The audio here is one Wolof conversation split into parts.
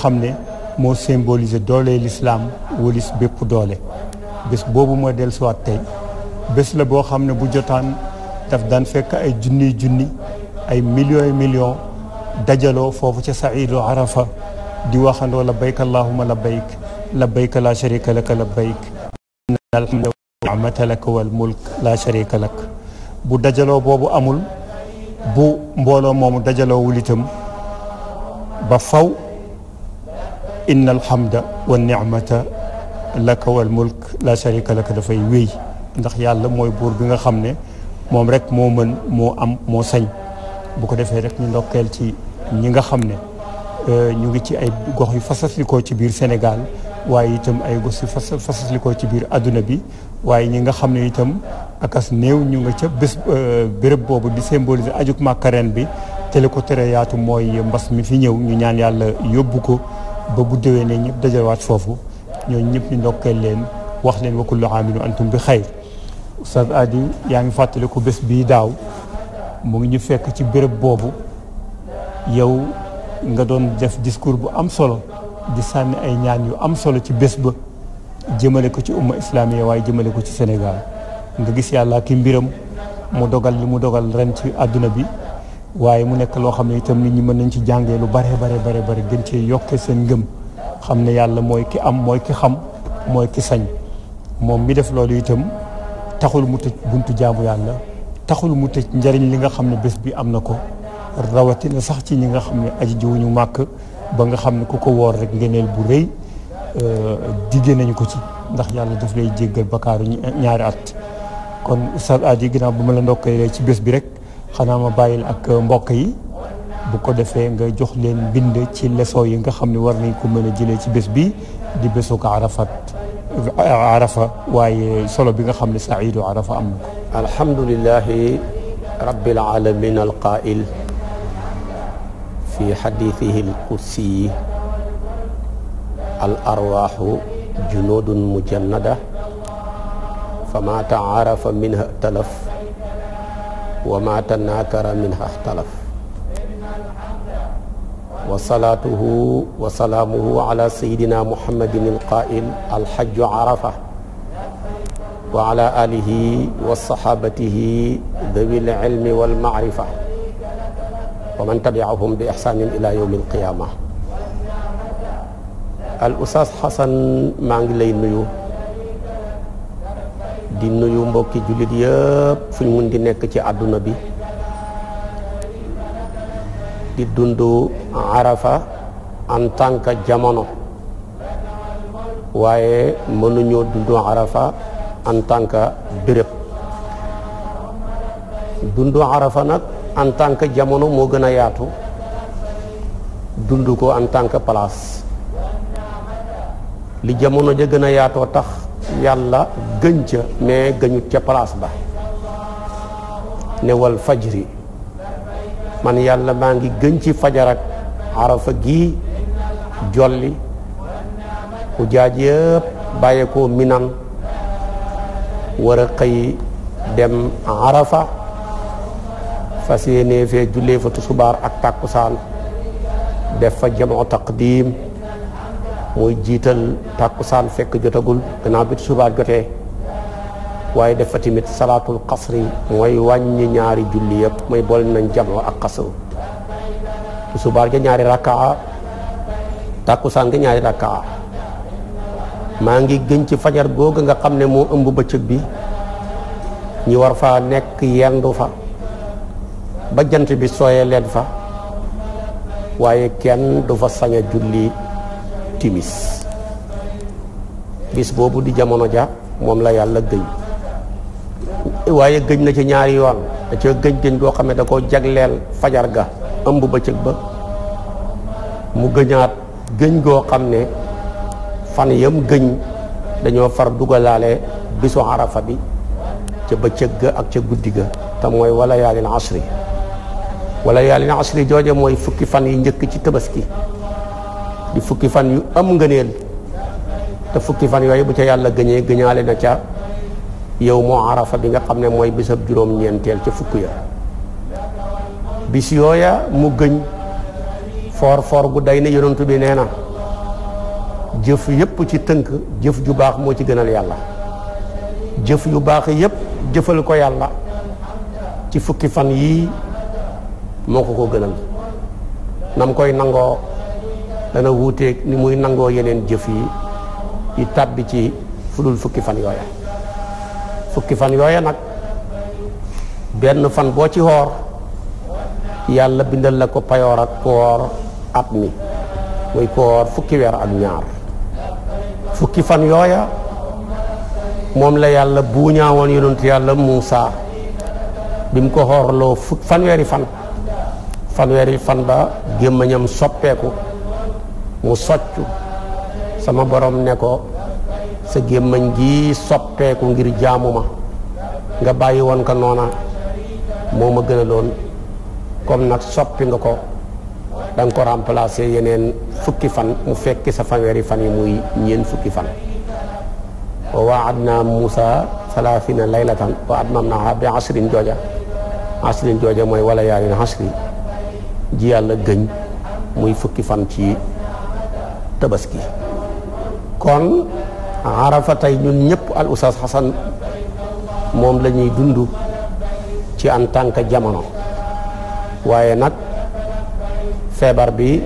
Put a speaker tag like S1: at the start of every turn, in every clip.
S1: xam ne moo symbolisé doole lislaam walis bépp doole bés boobu mooy dellusiwaat tey bés la boo xam ne bu jotaan daf daan fekk ay junniy junni ay millions et millions dajaloo foofu ca saidu arafa di waxandoo labbayk allahuma labbayk labbayk laa sharika laka labbayk innal hamda ni'mata laka wal mulk laa sharika lak bu dajaloo boobu amul bu mbooloo moomu dajaloo wul itam ba faw inna alhamda wa nicmata laka wal mulk la sharika laka dafay wéy ndax yàlla mooy buur bi nga xam ne moom rek moo mën moo am moo sañ bu ko defee rek ñu ndokkeel ci ñi nga xam ne euh, ñu ngi ci ay gox yu fasaslikoo ci biir Sénégal waaye itam ay gox yu fasaslikoo ci biir àdduna bi waaye ñi nga xam ne itam akas néew ñu nga ca bés euh, béréb boobu di symboliser ajug màkka ren bi te ko tere yaatu mooy mbas mi fi ñëw ñu ñaan yàlla yóbbu ko ba bu déwénee ñëpp dajalewaat foofu ñoo ñëpp ñu ndokkeel leen wax leen wa kullu aaminu antum bi xayr Oustaz Adi yaa ngi ko bés bii daaw mu ngi ñu fekk ci béréb boobu yow nga doon def discours bu am solo di sànni ay ñaan yu am solo ci bés ba jëmale ko ci umma islamiya waaye jëmale ko ci senegal nga gis yàlla ki mbiram mu dogal li mu dogal ren ci àdduna bi waaye mu nekk loo xam ne itam nit ñu mën nañu ci jàngee lu bare bare bare bare gën cee yokke seen ngëm xam ne yàlla mooy ki am mooy ki xam mooy ki sañ moom mi def loolu itam taxul mu tëj buntu jaamu yàlla taxul mu tëj njariñ li nga xam ne bés bi am na ko rawatina sax ci ñi nga xam ne aji ñu màkk ba nga xam ne ku ko woor rek ngeneel bu rëy euh, diggé nañu ko ci ndax yàlla daf lay jéggal bakaaru ñaari at kon Oustaz Hady ginnaaw bu ma la ndokkee ci bés bi rek xanaa ma bàyyil ak mbokk yi bu ko defee nga jox leen bind ci leçon yi nga xam ni war nañ ko mën a jëlee ci bés bi di bésu ko arafat waaye
S2: solo bi nga xam ne saidu arafa am na ko alhamdulilahi rabbil alqail fi xadithihi alqudsi al arwaxu junudun mujannada fa ma taarafa minha talaf wa ma tanaakara minha ixtalaf wa salaatuhu wa salaamuhu ala sayidina muhammadin alqaa'il alxajju arafa wa ala alihi wa saxaabatihi dawi lilmi walmaarifa wa man tabiahum bi ixsaanin ila yowmi alqiyaama al ustaas Xasan maa ngi lay nuyu di nuyu mbokki jullit yëpp fu ñu mun nekk ci àdduna bi di dund arafa en tant que jamono waaye mënuñoo dund arafa en tant que dund arafa nag en tant que jamono moo gën a yaatu dund ko en tant que place li jamono ja gën a yaatoo tax yàlla gëñ ca mais gëñut ca place ba newal faj fajri man yàlla maa ngi gëñ ci fajar ak arafa gii jolli ku jaaj yëpp bàyyeekoo minan war xëy dem arafa fas yéenee fee jullee fa tusubaar ak tàkkusaan def fa jamoo taqdim mooy jiital tàkkusaan fekk jotagul gannaaw bi subaa jotee waaye dafa tamit salaatul xasri mooy wàññi ñaari julli yëpp mooy boole nañ jamoo ak xasru subaa ja ñaari rakkaa tàkkusaan ga ñaari rakkaa maa ngi gën ci fajar googu nga xam ne moo ëmb bëccëg bi ñi war fa nekk yendu fa ba jant bi sooyee leen fa waaye kenn du fa saña a julli timis bis boobu di jamono ja moom la yàlla gëñ waaye gëñ na ci ñaari yoon da ca gëñ gëñ goo xam ne da koo jagleel fajar ga ëmb bëccëg ba mu gëñaat gëñ goo xam ne fan yam gëñ dañoo far dugalaale bisu arafa bi ca bëccëg ga ak ca guddi ga te mooy wala yaalin asri wala yaalin asri jooje mooy fukki fan yi njëkk ci tabaski di fukki fan yu am ngëneel te fukki fan yooyu bu ca yàlla gëñee gëñaale na ca yow moo arafa bi nga xam ne mooy bisab juróom-ñeenteel ca fukk ya bis yooya mu gëñ foor foor gu day ne yonantu bi nee na jëf yépp ci tënk jëf ju baax moo ci gënal yàlla jëf yu baax yépp jëfal ko yàlla ci fukki fan yii moo ko ko gënal nam koy nangoo dana wuuteeg ni muy nangoo yeneen jëf yi yi tàbbi ci fudul fukki fan yooya fukki fan yooya nag benn fan boo ci woor yàlla bindal la ko payoor ak koor at mi muy koor fukki weer ak ñaar fukki fan yooya moom la yàlla buuñaa woon yonent yàlla Muusa bi mu ko xoorloo fukk fanweeri fan fanweeri fan ba gémmañam soppeeku mu soccu sama boroom ne ko sa gémmañ gi soppeeku ngir jaamu ma nga bàyyi woon ko noona moo ma gënaloon comme nag soppi nga ko da nga ko remplacer yeneen fukki fan mu fekki sa fanweeri fan yi muy ñeen fukki fan wa waadna Musa salaasina laylatan wa atmamnaha bi asrin jooja asrin jooja mooy wala yaarin asri ji yàlla gëñ muy fukki fan ci tabaski kon arafa tey ñun ñëpp al Xasan moom lañuy ñuy dund ci en tant que jamono waaye nag feebar bi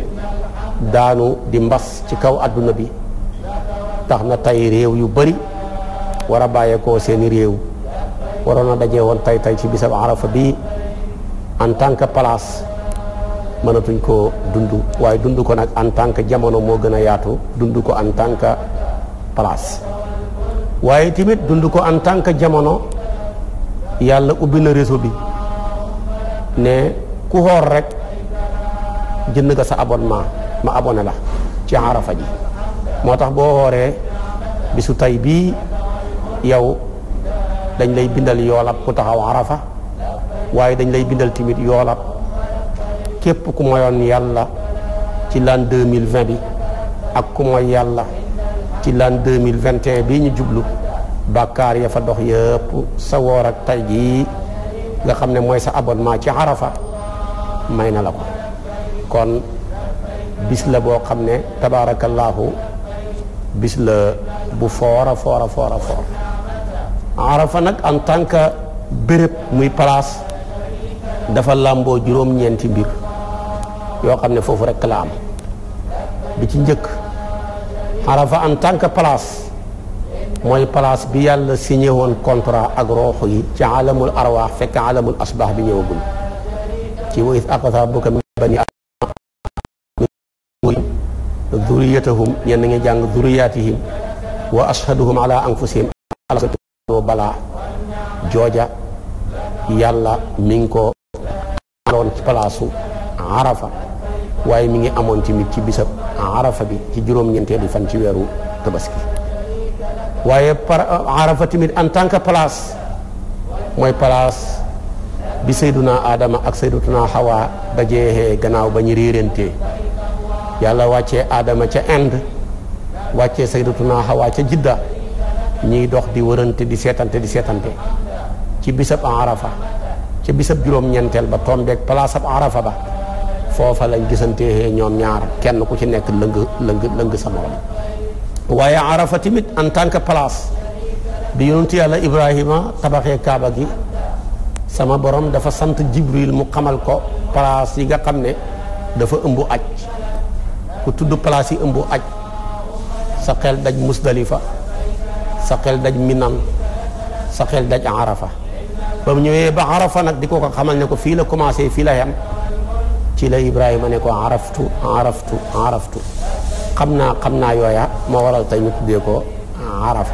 S2: daanu di mbas ci kaw àdduna bi tax na tey réew yu bari war a bàyyeekoo seeni réew waroon a dajee woon tey tey ci bisab arafa bi en tant que place mënatuñ ko dund waaye dund ko nag en tant que jamono moo gën a yaatu dund ko en tant que place waaye tamit dund ko en tant que jamono yàlla ubbi na réseau bi ne ku xoor rek jënd nga sa abonnement ma abone la ci Arafa ji moo tax boo xooree bisu tey bii yow dañ lay bindal yoolab ku taxaw Arafa waaye dañ lay bindal tamit yoolab képp ku moyoon yàlla ci l'an deux mille vingt bi ak ku moy yàlla ci l'an deux mille vingt et un bii ñu jublu bàkkaar ya fa dox yëpp sa woor ak tay jii nga xam ne mooy sa abonnement ci Arafa may na la ko kon bis la boo xam ne tabaarakallaahu bis la bu foora foora foora foor nag en tant béréb muy place dafa làmboo juróom-ñeenti mbir yoo xam ne foofu rek la bi ci njëkk Arafa tant que place mooy place bi yàlla signé woon contrat ak roox ci alamul arwaax fekk alamul asbaax bi ñëwagul ci wa iz axada rabbuka min bani aadama duriyatahum ñenn ngi jàng duriyatihim wa ashhaduhum ala anfusihim balaa jooja yàlla mi ngi ko aloon ci palaasu Arafa waaye mi ngi amoon tamit ci bisab arafa bi ci juróom-ñeenteelu fan ci weeru tabaski waaye par euh, arafa tamit en tant que place mooy palaas bi sayduna Adama ak saydatuna Hawa dajeexee gannaaw ba ñu réerantee yàlla wàccee Adama ca Inde wàccee saydatuna Hawa ca Jidda ñiy dox di wërante di seetante di seetante ci bisab arafa ca bisab juróom-ñeenteel ba tombeeg place ab arafa ba foofa lañ gisantee ñoom ñaar kenn ku ci nekk lëng lëng lëng sa morom waaye arafa tamit en tant que place bi yonentu yàlla ibrahima tabaxee kaaba gi sama borom dafa sant jibril mu xamal ko place yi nga xam ne dafa ëmb aj ku tudd place yi ëmb aj sa xel daj musdalifa sa xel daj minan sa xel daj arafa ba mu ñëwee ba arafa nag di ko ko xamal ne ko fii la commencé fii la yem ci la ne ko araftu araftu araftu xam naa xam naa yooya moo waral tey ñu tuddee ko arafa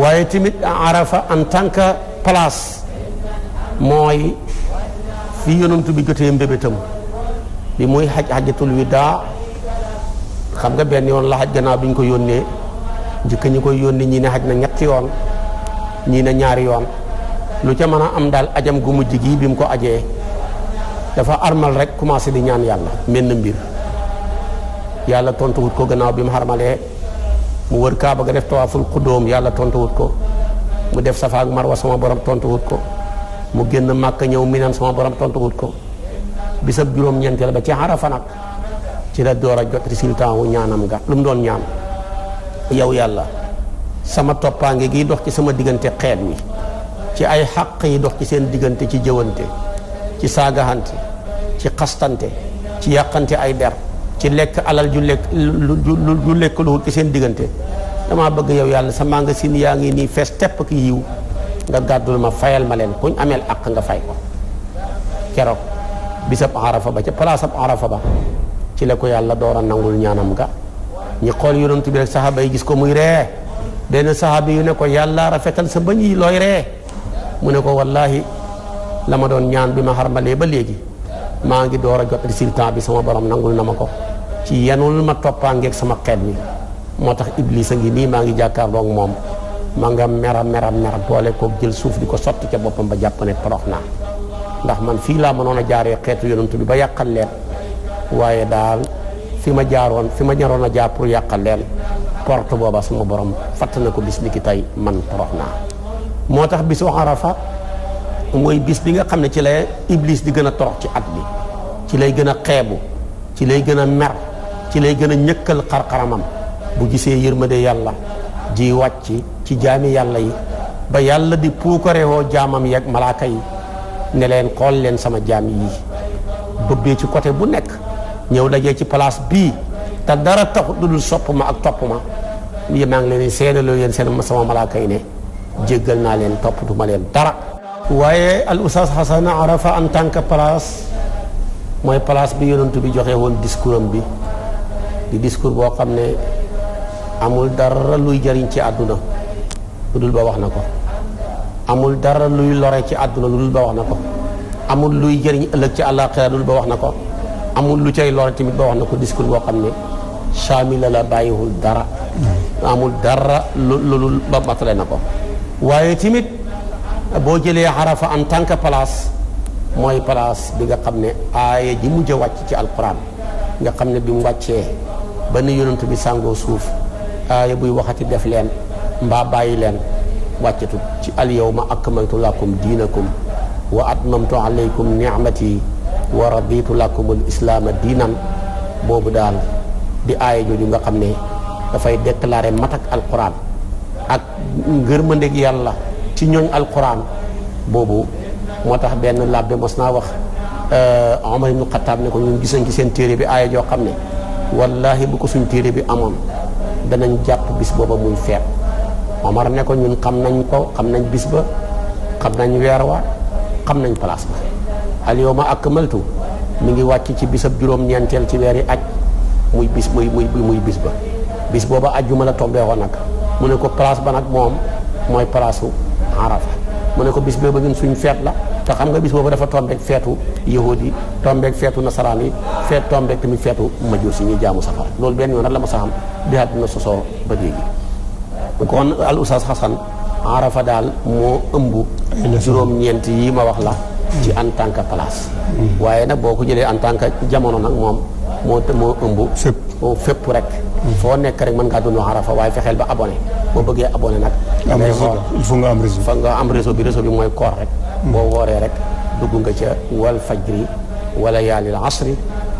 S2: waaye tamit arafa en tant que place mooy fii yonantu bi jotee mbébétam bi muy xaj xajatul widaa xam nga benn yoon la xaj gannaaw bi ñu ko yónnee njëkk ñi koy yónni ñii ne xaj na ñetti yoon ñii ne ñaari yoon lu ca mën a am daal ajam gu mujj gi bi mu ko ajee dafa armal rek commencé di ñaan yàlla mel na mbir yàlla tontuwut ko gannaaw bi mu xarmalee mu wër kaaba ga def tawaaful xudóom yàlla tontuwut ko mu def safa ak marwa sama borom tontuwut ko mu génn màkk ñëw minan sama borom tontuwut ko bisab juróom-ñeenteel ba ci Arafa nag ci la door a jot résultat wu ñaanam ga lu mu doon ñaan yow yàlla sama toppaange gi dox ci sama diggante xeet mi ci ay xàq yi dox ci seen diggante ci jëwante ci saagaxante ci xastante ci yàqante ay der ci lekk alal ju lekk lu lekk lu ci seen diggante damaa bëgg yow yàlla sa magasin yaa ngi nii fees tepp ki yiw nga gàddul ma fayal ma leen kuñ ameel àq nga fay ko keroog bisab arafa ba ca palaasab arafa ba ci la ko yàlla door a nangul ñaanam ga ñi xool yonent bi rek saxaaba yi gis ko muy ree benn saxaaba yu ne ko yàlla rafetal sa bëñ yi looy ree mu ne ko wallahi la ma doon ñaan bi ma xarmalee ba léegi maa ngi door a jot résultat bi sama borom nangul na ma ko ci yenul ma toppaangeeg sama xeet mi moo tax iblis a ngi nii maa ngi jàkkaarloog moom ma nga mera mera mera boole kook jël suuf di ko sotti ca boppam ba jàpp ne torox naa ndax man fii laa mënoon a jaaree xeetu tu bi ba yàqal leen waaye daal fi ma jaaroon fi ma ñaroon a jaar pour yàqal leen porte booba suma borom fatt na ko bis ni ki tey man torox naa moo tax bisu Arafa mooy bis bi nga xam ne ci la iblis di gën a torox ci at bi ci lay gën a xeebu ci lay gën a mer ci lay gën a ñëkkal xar bu gisee yërmande yàlla ji wàcc ci jaami yàlla yi ba yàlla di puukarewoo jaamam yeeg malaaka yi ne leen xool leen sama jaam yi bëbbee ci côté bu nekk ñëw dajee ci place bii te dara taxut lu dul sopp ma ak topp ma yi leen ngi leen seedaloo yéen seen sama malaaka yi ne jéggal naa leen toppatuma leen dara waaye al oustaz Xasan arafa en tant que place mooy place bi yonantu bi joxe woon discours bi di discours boo xam ne amul dara luy jariñ ci àdduna lu dul ba wax na ko amul dara luy lore ci àdduna lu dul ba na ko amul luy jëriñ ëllëg ci àllaaxira lu ba wax na ko amul lu cay lore tamit ba wax na ko discours boo xam ne saamila la bàyyiwul dara amul dara lu ba matale na ko waaye tamit boo jëlee arafa en tant que place mooy place bi nga xam ne aaya ji mujj wàcc ci alquran nga xam ne bi mu wàccee ba ni yonent bi sàngoo suuf aaya buy waxati def leen mbaa bàyyi leen wàccatu ci al yawma akmaltu lakum diinakum wa atmamtu alaykum ni'mati wa raditu lakumul islaama diinan boobu daal di aaya jooju nga xam ne dafay déclarer mat ak alquran ak ngërmandeg yàlla ci ñooñ alquran boobu moo tax benn labbe mos naa wax euh, Omar ibnu Xataab ne ko ñun gis ci seen téere bi aaya joo xam ne wallahi bu ko suñ téere bi amoon danañ jàpp bis booba muy feet Omar ne ko ñun xam nañ ko xam nañ bis ba xam nañ weer wa xam nañ place ba al yawma akmaltu mi ngi wàcc ci bisab juróom-ñeenteel ci weeri aj muy bis muy muy muy bis ba bis booba ajjuma la tombee woon nag mu ne ko place ba nag moom mooy palaasu arafa mu ne ko bis boobu ñun suñ feet la te xam nga bis boobu dafa tombeek feetu yahudi tombeek feetu nasaraan yi feet tombeek tamit feetu majuus yi ñuy jaamu safara loolu benn yoon rek la ma saxam bi àdduna sosoo ba léegi kon al oustaz Xasan arafa daal moo ëmb juróom-ñeent yi ma wax la ci en tant que mm. waaye nag boo ko jëlee en tant jamono nag moom moo moo ëmb fépp rek foo nekk rek mën ngaa dund arafa waaye fexeel ba abonné boo bëggee abonné nag il faut nga am réseau fa am réseau bi réseau bi mooy koor rek mm. boo wooree rek dugg nga ca wal fajri wala yaalil asri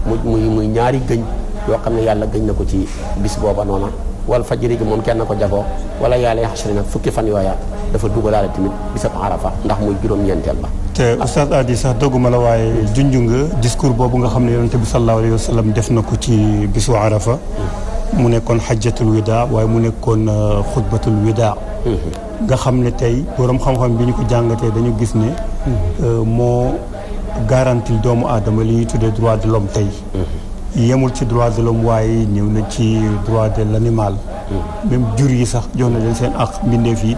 S2: mu muy muy ñaari gëñ yoo xam ne yàlla gëñ na ko ci bis booba noona wal fajri gi moom kenn ko jaboo wala yaalil asri nag fukki fan yooya dafa dugalaale tamit bisab arafa ndax muy juróom-ñeenteel ba
S1: te oustaz Adi sax dogguma la waaye junju nga discours boobu nga xam ne yonente bi sallallahu alayhi wa sallam def na ko ci bisu arafa mu nekkoon xajjatul wida waaye mu nekkoon euh, xutbatul wida mm-hmm. nga xam ne tey boroom xam-xam bi ñu ko jàngatee dañu gis ni mm-hmm. euh, moo garantil doomu aadama li ñuy tuddee droit de l'homme tey mm-hmm. yemul ci droit de l'homme waaye ñëw na ci droit de l'animal même jur yi sax jox na leen seen ak mbindeef yi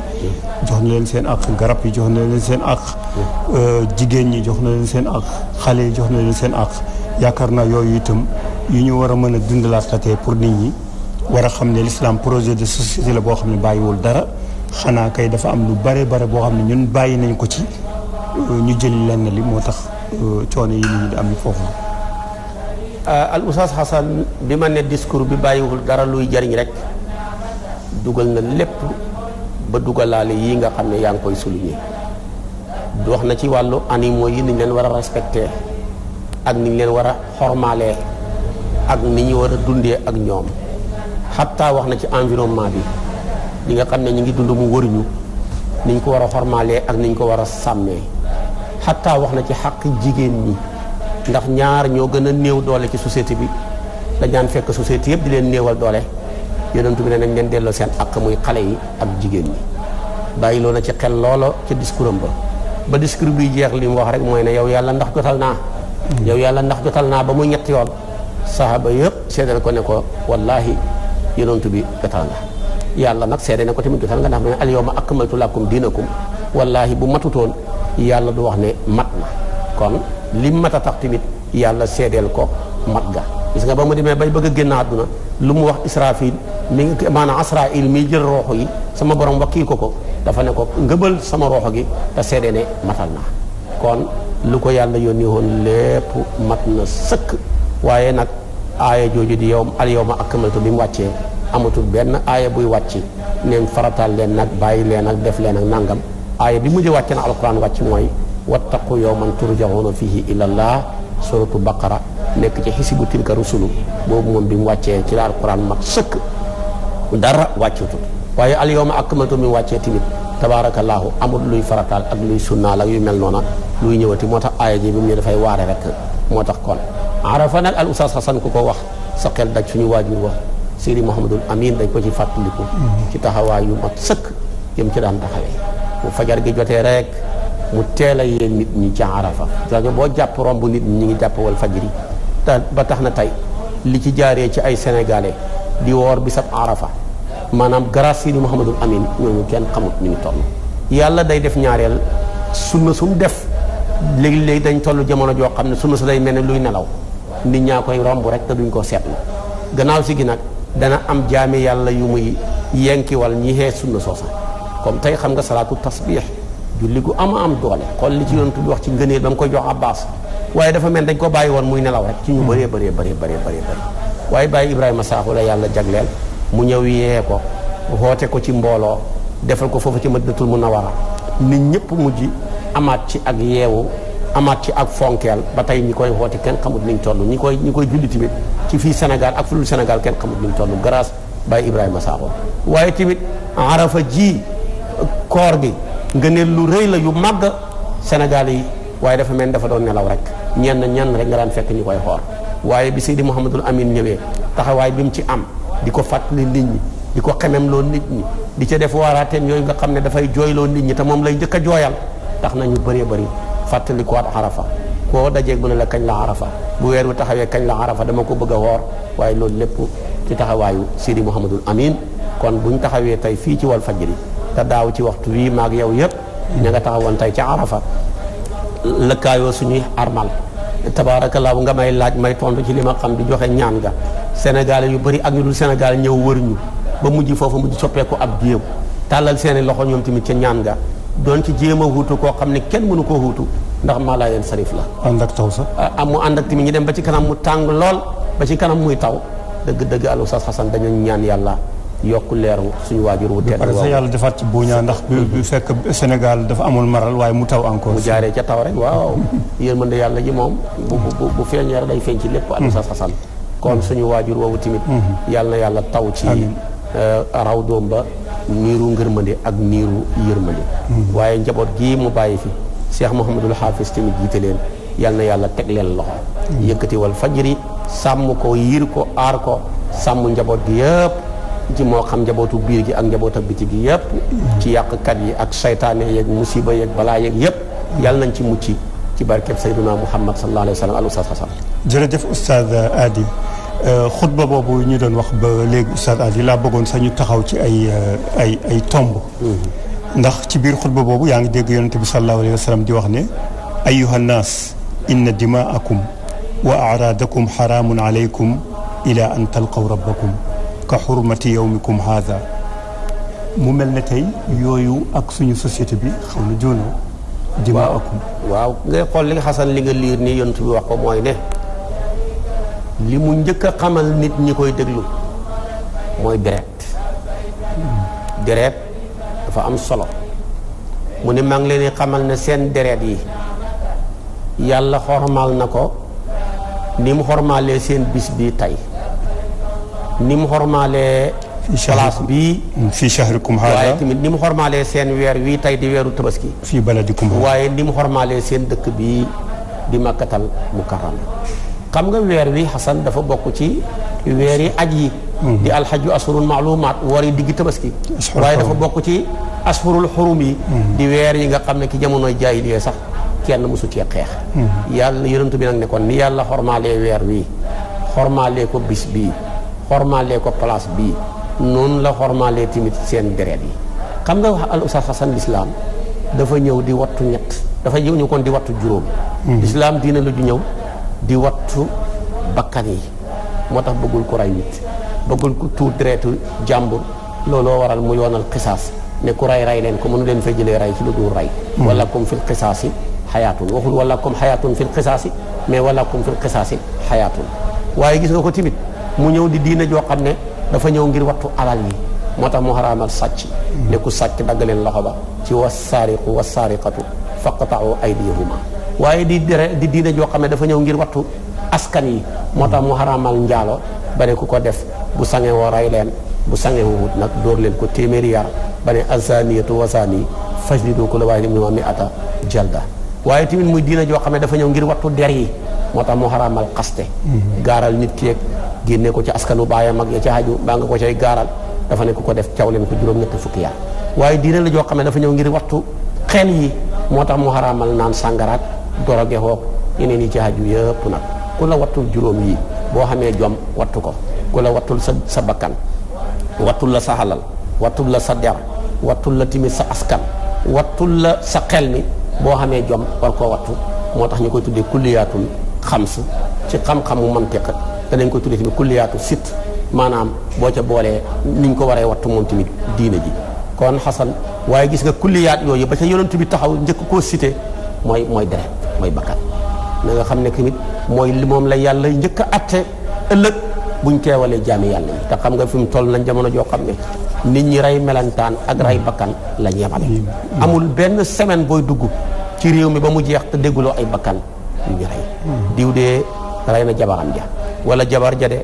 S1: jox na leen seen ak garab yi jox na leen seen àq euh, jigéen ñi jox na leen seen ak xale yi jox na leen seen àq yaakaar naa yooyu itam yu ñu war a mën a dundalaatee pour nit ñi war a xam ne l'islam projet de société la boo xam ne bàyyiwul dara xanaa kay dafa am lu bare bare boo xam ne ñun bàyyi nañ ko ci euh, ñu jëli lenn li moo tax euh, coono yi nit ñi am foofu
S2: Euh, al oustaz Hassan bi ma ne discours bi bàyyiwul dara luy jariñ rek dugal na lépp ba dugalaale yi nga xam ne yaa ngi koy souligner wax na ci wàllu animaux yi niñ leen war a respecter ak niñ leen war a xormaalee ak ni ñu war a dundee ak ñoom xataa wax na ci environnement bi li nga xam ne ñu ngi dund mu wëruñu niñ ko war a xormaalee ak niñ ko war a sàmmee xataa wax na ci xàq jigéen ñi ndax ñaar ñoo gën a néew doole ci société bi dañaan fekk société yëpp di leen néewal doole yonentu bi ne nañ leen delloo seen ak muy xale yi ak jigéen ñi bàyyi loo na ci xel loola ca discours ba ba discours bi jeex li mu wax rek mooy ne yow yàlla ndax jotal naa yow yàlla ndax jotal naa ba muy ñetti yoon saxaaba yëpp seedal ko ne ko wallaahi yonentu bi jotal nga yàlla nag seede ne ko tamit jotal nga ndax mu ne al yawma akmaltu lakum diinakum wallaahi bu matutoon yàlla du wax ne mat na kon li mat a tax tamit yàlla seedeel ko mat ga gis nga ba mu demee bay bëgg a génn àdduna lu mu wax israfil mi ngi maanaam asrail mi jël rooxo yi sama borom wakkii ko ko dafa ne ko ngëbal sama rooxo gi te seede ne matal naa kon lu ko yàlla yónni woon lépp mat na sëkk waaye nag aaya jooju di yow al yow ma akmaltu bi mu wàccee amatul benn aaya buy wàcc neen faratal leen nag bàyyi leen ak def leen ak nangam aaya bi mujj wàcce na alquran wàcc mooy wattaqu yawman turjaxuuna fihi ilallah suratu baqara nekk ci xisibu ka rusulu boobu moom bi mu wàccee ci laal quran mag sëkk dara wàccutu waaye al yawma akmaltu mi wàccee tamit tabaarakallaahu amul luy farataal ak luy sunnaal ak yu mel noona luy ñëwati moo tax aaya ji bi mu ne dafay waare rek moo tax kon arafa nag al oustaz Xasan ku ko wax sa xel daj suñu waajur wax Seydi Mouhamadul Amin dañ ko ci fàttaliku. Mm-hmm. ci taxawaay yu mat sëkk jëm ci daan taxawee mu teel a yee nit ñi ca Arafa parce que boo jàpp romb nit ñi ñu ngi jàpp wal fajri te ba tax na tey li ci jaaree ci ay sénégalais di woor bisab Arafa maanaam grâce yi ni Mouhamadul Amin ñooñu kenn xamut ñu ngi toll. yàlla day def ñaareel sunna sum def léegi léegi dañ toll jamono joo xam ne sunna su day mel ne luy nelaw nit ñaa koy romb rek te duñ ko seetlu gannaaw si gi nag dana am jaami yàlla yu muy yenkiwal ñi xee sunna soosa comme tey xam nga salaatu tasbiix julli gu ama am doole xool li ci yonent bi wax ci ngëneel ba mu koy jox Abbas waaye dafa mel dañ ko bàyyi woon muy nelaw rek ci ñu bëree bëree bëree bëree bëree bëri waaye bàyyi Ibrahima Sakho la yàlla jagleel mu ñëw yee ko woote ko ci mbooloo defal ko foofu ci Madinatul Munawwara nit ñëpp mujj amaat ci ak yeewu amaat ci ak fonkeel ba tey ñi koy woote kenn xamut niñ toll ñi koy ñi koy julli tamit ci fii Sénégal ak fulul Sénégal kenn xamut niñ toll grâce bàyyi Ibrahima Sakho waaye tamit gi ngëneel lu rëy la yu màgg Sénégal yi waaye dafa mel dafa doon nelaw rek ñenn ñenn rek nga daan fekk ñu koy xoor waaye bi Seydi Mouhamadul Amine ñëwee taxawaay bi mu ci am di ko fàttali nit ñi di ko xemem loo nit ñi di ca def waaraateen yooyu nga xam ne dafay jooyloo nit ñi te moom lay njëkk a jooyal tax na ñu bëree bëri fàttali ko at arafa koo dajeeg mu ne la kañ la arafa bu weer wi taxawee kañ la arafa dama ko bëgg a woor waaye loolu lépp ci taxawaayu Seydi Mouhamadul Amine kon bu ñu taxawee tey fii ci Walfadjri te daaw ci waxtu wii maak yow yëpp ña nga taxawoon tey ca Arafa lëkkaayoo suñuy armal tabaarakallaahu nga may laaj may tontu ci li ma xam di joxe ñaan nga Sénégal yu bari ak ñu dul Sénégal ñëw wër ñu ba mujj foofu mujj soppeeku ab jéew tàllal seeni loxo ñoom tamit ci ñaan nga doon ci jéem a huutu koo xam ne kenn mënu koo huutu ndax maa laa leen sarif la.
S1: ànd ak taw sax.
S2: am ah, mu ànd ak tamit ñu dem ba ci kanam mu tàng lool ba ci kanam muy taw dëgg dëgg Alou Sass Xassane dañu ñaan yàlla. yokk leeru suñu waajur wu tedd sa yàlla
S1: defaat ci buña ndax bu fekk Sénégal dafa amul maral waaye mu taw encore mu jaaree
S2: ca taw rek waaw yërmande yàlla ji moom bu bu feeñee rek day feeñ ci lépp alisa sasan mm-hmm. kon suñu waajur woowu tamit mm-hmm. yàlla na yàlla taw ci euh, raw doom ba niiru ngërmande ak niiru yërmande mm-hmm. waaye njaboot gi mu bàyyi fi Cheikh Mouhamadul Hafiz tamit jiite leen yàlla yàlla teg leen loxo yëkkati wal sàmm ko yiir ko aar ko sàmm njaboot gi ci moo xam njabootu biir gi ak njabootu biti gi yëpp ci yàqkat yi ak saytaane yeeg musiba yeeg balaa yeeg yëpp yàlla nañ ci mucc ci barkeb sayduna muhammad sallallahu alayhi wa sallam al oustaz Hasan
S1: jërëjëf oustaz Adi euh, xutba boobu ñu doon wax ba léegi oustaz Adi laa bëggoon sax ñu taxaw ci ay euh, ay ay mm-hmm. ndax ci biir xutba boobu yaa ngi dégg yonente bi sallallahu alayhi di wax ne ayuha nnaas inna dimaakum wa aaraadakum xaraamun alaykum ila an talqaw rabbakum ka xurmati yawmikum haada mu mel ne tey yooyu ak suñu société
S2: bi xaw na joonoo dimaa akum waaw ngay xool li nga xasan li nga liir nii yonent bi wax ko mooy ne li mu njëkk a xamal nit ñi koy déglu mooy deret deret dafa am solo mu ne maa ngi leen xamal ne seen deret yi yàlla xormaal na ko ni mu xormaalee seen bis bi tey ni mu xormaalee. place bi fii shahrikum hada waaye tamit ni mu xormaalee seen weer wii tey di weeru tabaski. fii baladikum waaye ni mu xormaalee seen dëkk bi di makkatal mukarram xam nga weer wi xasan dafa bokk ci weer yi aj yi. Mhm. di alxaju asfurul maalumaat woor yi digg tabaski. waaye dafa bokk ci asfurul xurum yi. Mhm. di weer yi nga xam ne ki jamonoy jaahiliya sax kenn mosu cee xeex. Mhm. yàlla yonent bi nag ne kon ni yàlla xormaalee weer wi xormaalee ko bis bii. xormaalee ko place bii noonu la xormaalee tamit seen deret yi xam nga wax al ustaas xasan lislaam dafa ñëw di wattu ñett dafa ñëw kon di wattu juróom mhm. lislaam diina la ju ñëw di wattu bakkan yi moo tax bëggul ku rey nit bëggul ku tuur deretu jàmbur looloo waral mu yoonal xisaas ne ku rey rey leen ko mënu leen fay jëlee rey ci lu dul rey mhm. wala comme fil xisaasi xayaatun waxul wala comme xayaatun fil xisaasi mais wala comme fil xisaasi xayaatun waaye gis nga ko timit mu ñëw di diina joo xam ne dafa ñëw ngir wattu alal yi moo tax mu xaraamal sàcc ne ku sàcc dagg leen loxo ba ci wassaariqu wassaariqatu faqta'u aydiyahuma waaye di di diine joo xam ne dafa ñëw ngir wattu askan yi moo tax mu xaraamal njaalo ba ku ko def bu sange woo rey leen bu sange woo nag dóor leen ko téeméeri yar ba ne azaniyatu wazani fajlidu kulla waahidin minhumaa mi'ata jalda waaye tamit muy diine joo xam ne dafa ñëw ngir wattu der yi moo tax mu xaraamal xaste mm-hmm. gaaral nit ki génne ko ci askanu baayam mag ya ci haju baa nga ko ay gaaral dafa ne ku ko def caw leen ko juróom-ñetti fukki yaar waaye diine la joo xam ne dafa ñëw ngir wattu xeen yi moo tax mu xaraamal naan sàngaraat doroge xoog yeneen yi ci haju yëpp nag ku la wattul juróom yi boo xamee jom wattu ko ku la sa sa bakkan wattul la sa xalal wattul la sa der wattul la timit sa askan wattul la sa xel mi boo xamee jom war koo waxtu moo tax ñu koy tuddee xam xams ci xam-xamu mantiq danañ ko tuddee tamit kulliyaatu sit maanaam boo ca boolee niñ ko waree wattu moom tamit diine ji kon xasan waaye gis nga kulliyaat yooyu ba ca yonent bi taxaw njëkk koo cité mooy mooy deret mooy bakkan na xam ne tamit mooy limoom moom la yàlla njëkk a atte ëllëg buñ teewalee jaami yàlla yi te xam nga fi mu toll nañ jamono joo xam ne nit ñi rey mellentaan ak rey bakkan la ñeemale amul benn semaine booy dugg ci réew mi ba mu jeex te dégguloo ay bakkan yu ñu na jabaram ja wala jabar ja de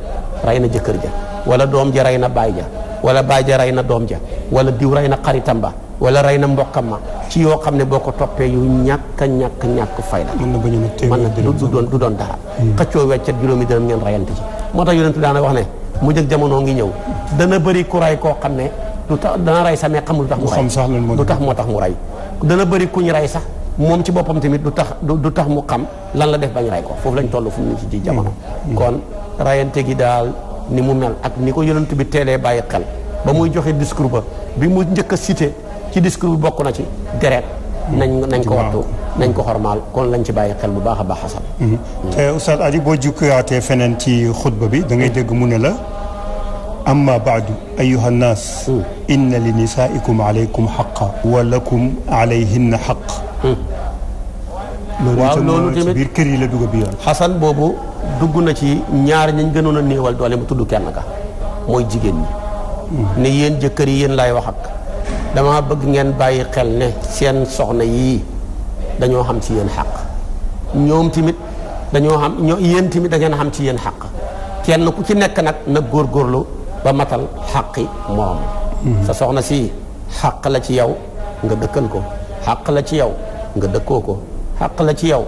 S2: rey na jëkkër ja wala doom ja rey na baay ja wala baay ja rey na doom ja wala diw rey na xaritam ba wala rey na mbokkam ma ci yoo xam ne boo ko toppee yu ñàkk a ñàkk ñàkk fayda mën na bañ a téeméer mën na du doon du doon dara hmm. xëccoo weccet juróomi dërëm ngeen rayante ci moo tax yonentu daana wax ne mu jëg jamono ngi ñëw dana bëri ku ray koo xam ne du tax dana rey sax mais xamul tax mu rey du tax moo tax mu rey dana bëri ku ñu rey sax moom ci boppam tamit du tax du tax mu xam lan la def bañ ray ko foofu lañ toll fu mu ci ji jamono mm-hmm. kon rayante gi daal ni mu mel ak ni ko yonent bi teelee bàyyi xel ba muy joxee discours ba bi mu njëkk a cité ci discours bi bokk na ci deret mm-hmm. nañ nañ ko wattu nañ ko xormaal kon lañ ci bàyyi xel bu baax a baax xasal mm-hmm.
S1: te Oustaz Aly boo jukkaatee feneen ci xutba bi da ngay dégg mu ne la amma baadu ayuha nnaas hmm. inna li nisaaikum aleykum xaqa wa lakum
S2: alayhinna xaq hmm.
S1: waaw loolu tamit
S2: biir kër yi la dugg bi yoon boobu dugg na ci ñaar ñu gënoon a néewal doole mu tudd kenn ka mooy jigéen ñi hmm. ne yéen jëkkër yi yéen laay wax ak dama bëgg ngeen bàyyi xel ne seen soxna yii dañoo xam ci yéen xaq ñoom tamit dañoo xam ñoo yéen tamit xam ci yéen xaq kenn ku ci nekk nag na góorgóorlu ba matal xaqi moom hmm. sa soxna si xaq la ci yow nga dëkkal ko xaq la ci yow nga dëkkoo ko xaq la ci yow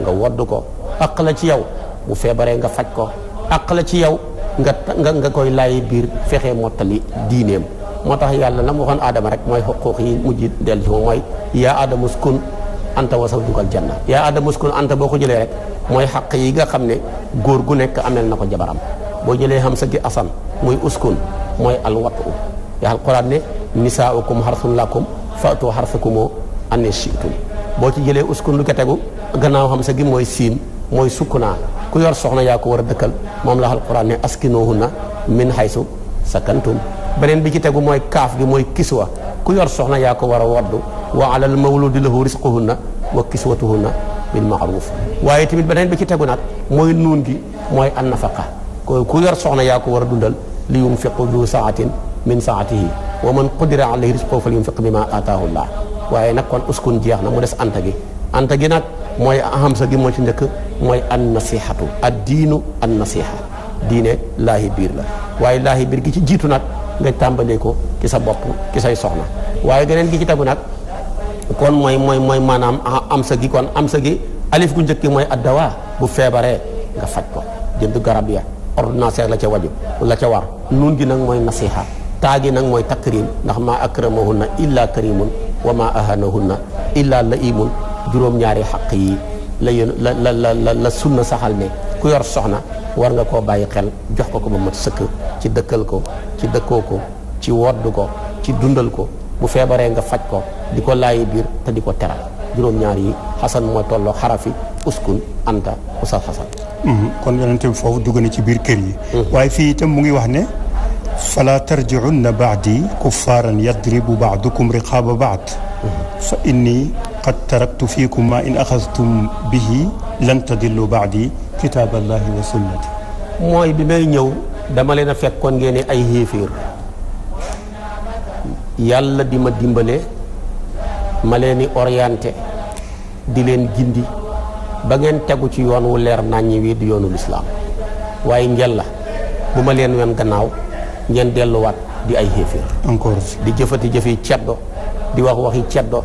S2: nga wodd ko xaq la ci yow bu feebaree nga faj ko xaq la ci yow nga nga nga koy lay biir fexe mottali diineem moo tax yàlla la mu waxoon aadama rek mooy xuquuq yi mujj del ci moom mooy yaa aadama uskun anta wa zawjukal janna yaa aadama uskun anta boo ko jëlee rek mooy xaq yi nga xam ne góor gu nekk amel na ko jabaram boo jëlee hamsa gi asan muy uskun mooy alwatu yaa alquran ne nisaaukum kom lakum faatu xarsakumoo annee shiitum boo ci jëlee uskun lu ko tegu gannaaw hamsa gi mooy siin mooy sukkunaa ku yor soxna yaa ko war a dëkkal moom la alquran ne na min haysu sakantum beneen bi ci tegu mooy kaaf gi mooy kiswa ku yor soxna yaa ko war a waddu wa alal mawludi lahu na wa kiswatuhunna bil maaruf waaye tamit beneen bi ci tegu nag mooy nuun gi mooy annafaqa ku yor soxna yaa ko war a dundal li yunfiqu du saatin min saatihi wa man qudira alayhi rizquhu falyunfiq mimma ataahu llah waaye nag kon uskun jeex na mu des anta gi anta gi nag mooy ahamsa gi moo ci njëkk mooy an nasihatu ad diinu an nasiha diine laahi biir la waaye laahi biir gi ci jiitu nag nga ko ci sa bopp ci say soxna waaye geneen gi ci tagu nag kon mooy mooy mooy maanaam am sa gi kon am sa gi alif gu njëkk mooy addawa bu feebaree nga faj ko jënd garab ya ordonnance la ca waju la ca war nuun gi nag mooy nasiha taa gi nag mooy takrim ndax maa na illa karimun wa maa na illa laimun juróom-ñaari xaq yi la yén la la la la sunna saxal ne ku yor soxna war nga koo bàyyi xel jox ko ko ba mat sëkk ci dëkkal ko ci dëkkoo ko ci wodd ko ci dundal ko bu feebaree nga faj ko di ko laayi biir te di ko teral juróom-ñaar yi xasan mooy tolloo xarafi uskun anta usal xasan
S1: kon yonente foofu dugg na ci biir kër yi mm-hmm. waaye fii tam mu ngi wax ne fala tarji'unna ba'di kuffaaran yadribu ba'dukum riqaaba ba'd mm-hmm. fa inni qad taraktu fiikum ma in axastum bihi lan tadillu ba'di kitaaballahi wa sunnati
S2: mooy bi may ñëw dama leen a fekkoon ngeen ay xéeféer yàlla di ma dimbale ma leen di di leen gindi ba ngeen tegu ci yoon wu leer naññi wii di yoonu lislaam waaye ngel la bu ma leen wen gannaaw ngeen delluwaat di ay xéeféer encore di jëfati jëfi ceddo di wax waxi ceddo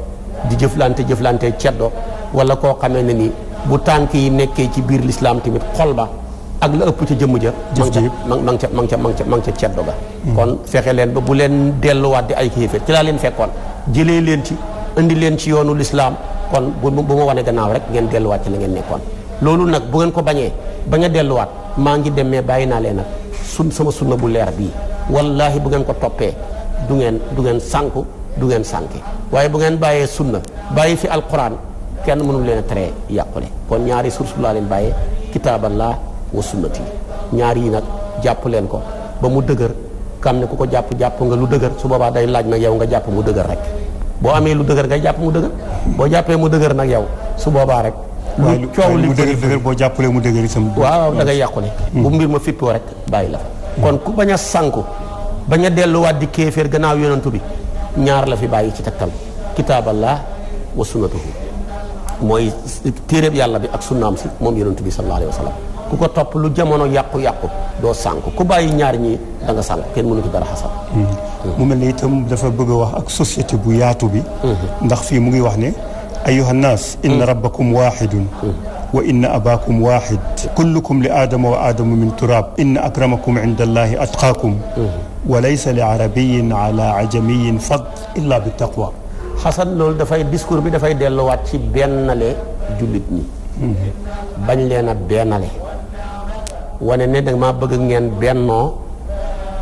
S2: di jëflante jëflante ceddo wala koo xamee ne ni bu tànk yi nekkee ci biir lislaam tamit xol ba ak la ëpp ca jëmm ja ma ma ca ma ca ma ca ma ca ceddo ga mm. kon fexe leen ba bu leen delluwaat di ay xéeféer ci laa leen fekkoon jëlee leen ci indi leen ci yoonu lislaam kon bu bu ma wanee gannaaw rek ngeen delluwaat ci la ngeen nekkoon loolu nag bu ngeen ko bañee bañ a delluwaat maa ngi demee bàyyi naa leen nag su sama sunna bu leer bii wallaahi bu ngeen ko toppee du ngeen du ngeen sànku du ngeen sànke waaye bu ngeen bàyyee sunna bàyyi fi alquran kenn mënul leen a tere yàqule kon ñaari source laa leen bàyyee kitaaballah wa sunnati ñaar yii nag jàpp leen ko ba mu dëgër xam ne ku ko jàpp jàpp nga lu dëgër su boobaa day laaj nag yow nga jàpp mu dëgër rek boo amee lu dëgër ngay jàpp mu dëgër boo jàppee mu dëgër nag yow su boobaa rek. lu coow li mu dëgër dëgër boo jàppalee mu dëgër itam. waaw da ngay yàqule. Mm. bu mbir ma fippoo rek bàyyi la fa. Mm. kon ku bañ a sànku bañ a delluwaat di kéeféer gannaaw yonantu bi ñaar la fi bàyyi ci tegtal kitaaballah wa sunnatuhu mooy téeréb yàlla bi ak sunnaam si moom yonantu bi sallallahu alayhi wa sallam ku ko topp lu jamono yàqu-yàqu doo sànku ku bàyyi ñaar ñii da nga sànku kenn mënu ci dara xasal
S1: mm. mu mel ne itam dafa bëgg wax ak société bu yaatu bi ndax fii mu ngi wax ne ayuha nnaas inna rabbakum waaxidun wa inna abaakum waaxid kullukum li aadama wa aadamu min turaab inna akramakum inda allahi atqaakum wa laysa li arabiyin ala ajamiyin fadl illa bi taqwa
S2: xasan loolu dafay discours bi dafay delluwaat ci bennale jullit ñi mhm. bañ leen a bennale wane ne dama bëgg ngeen bennoo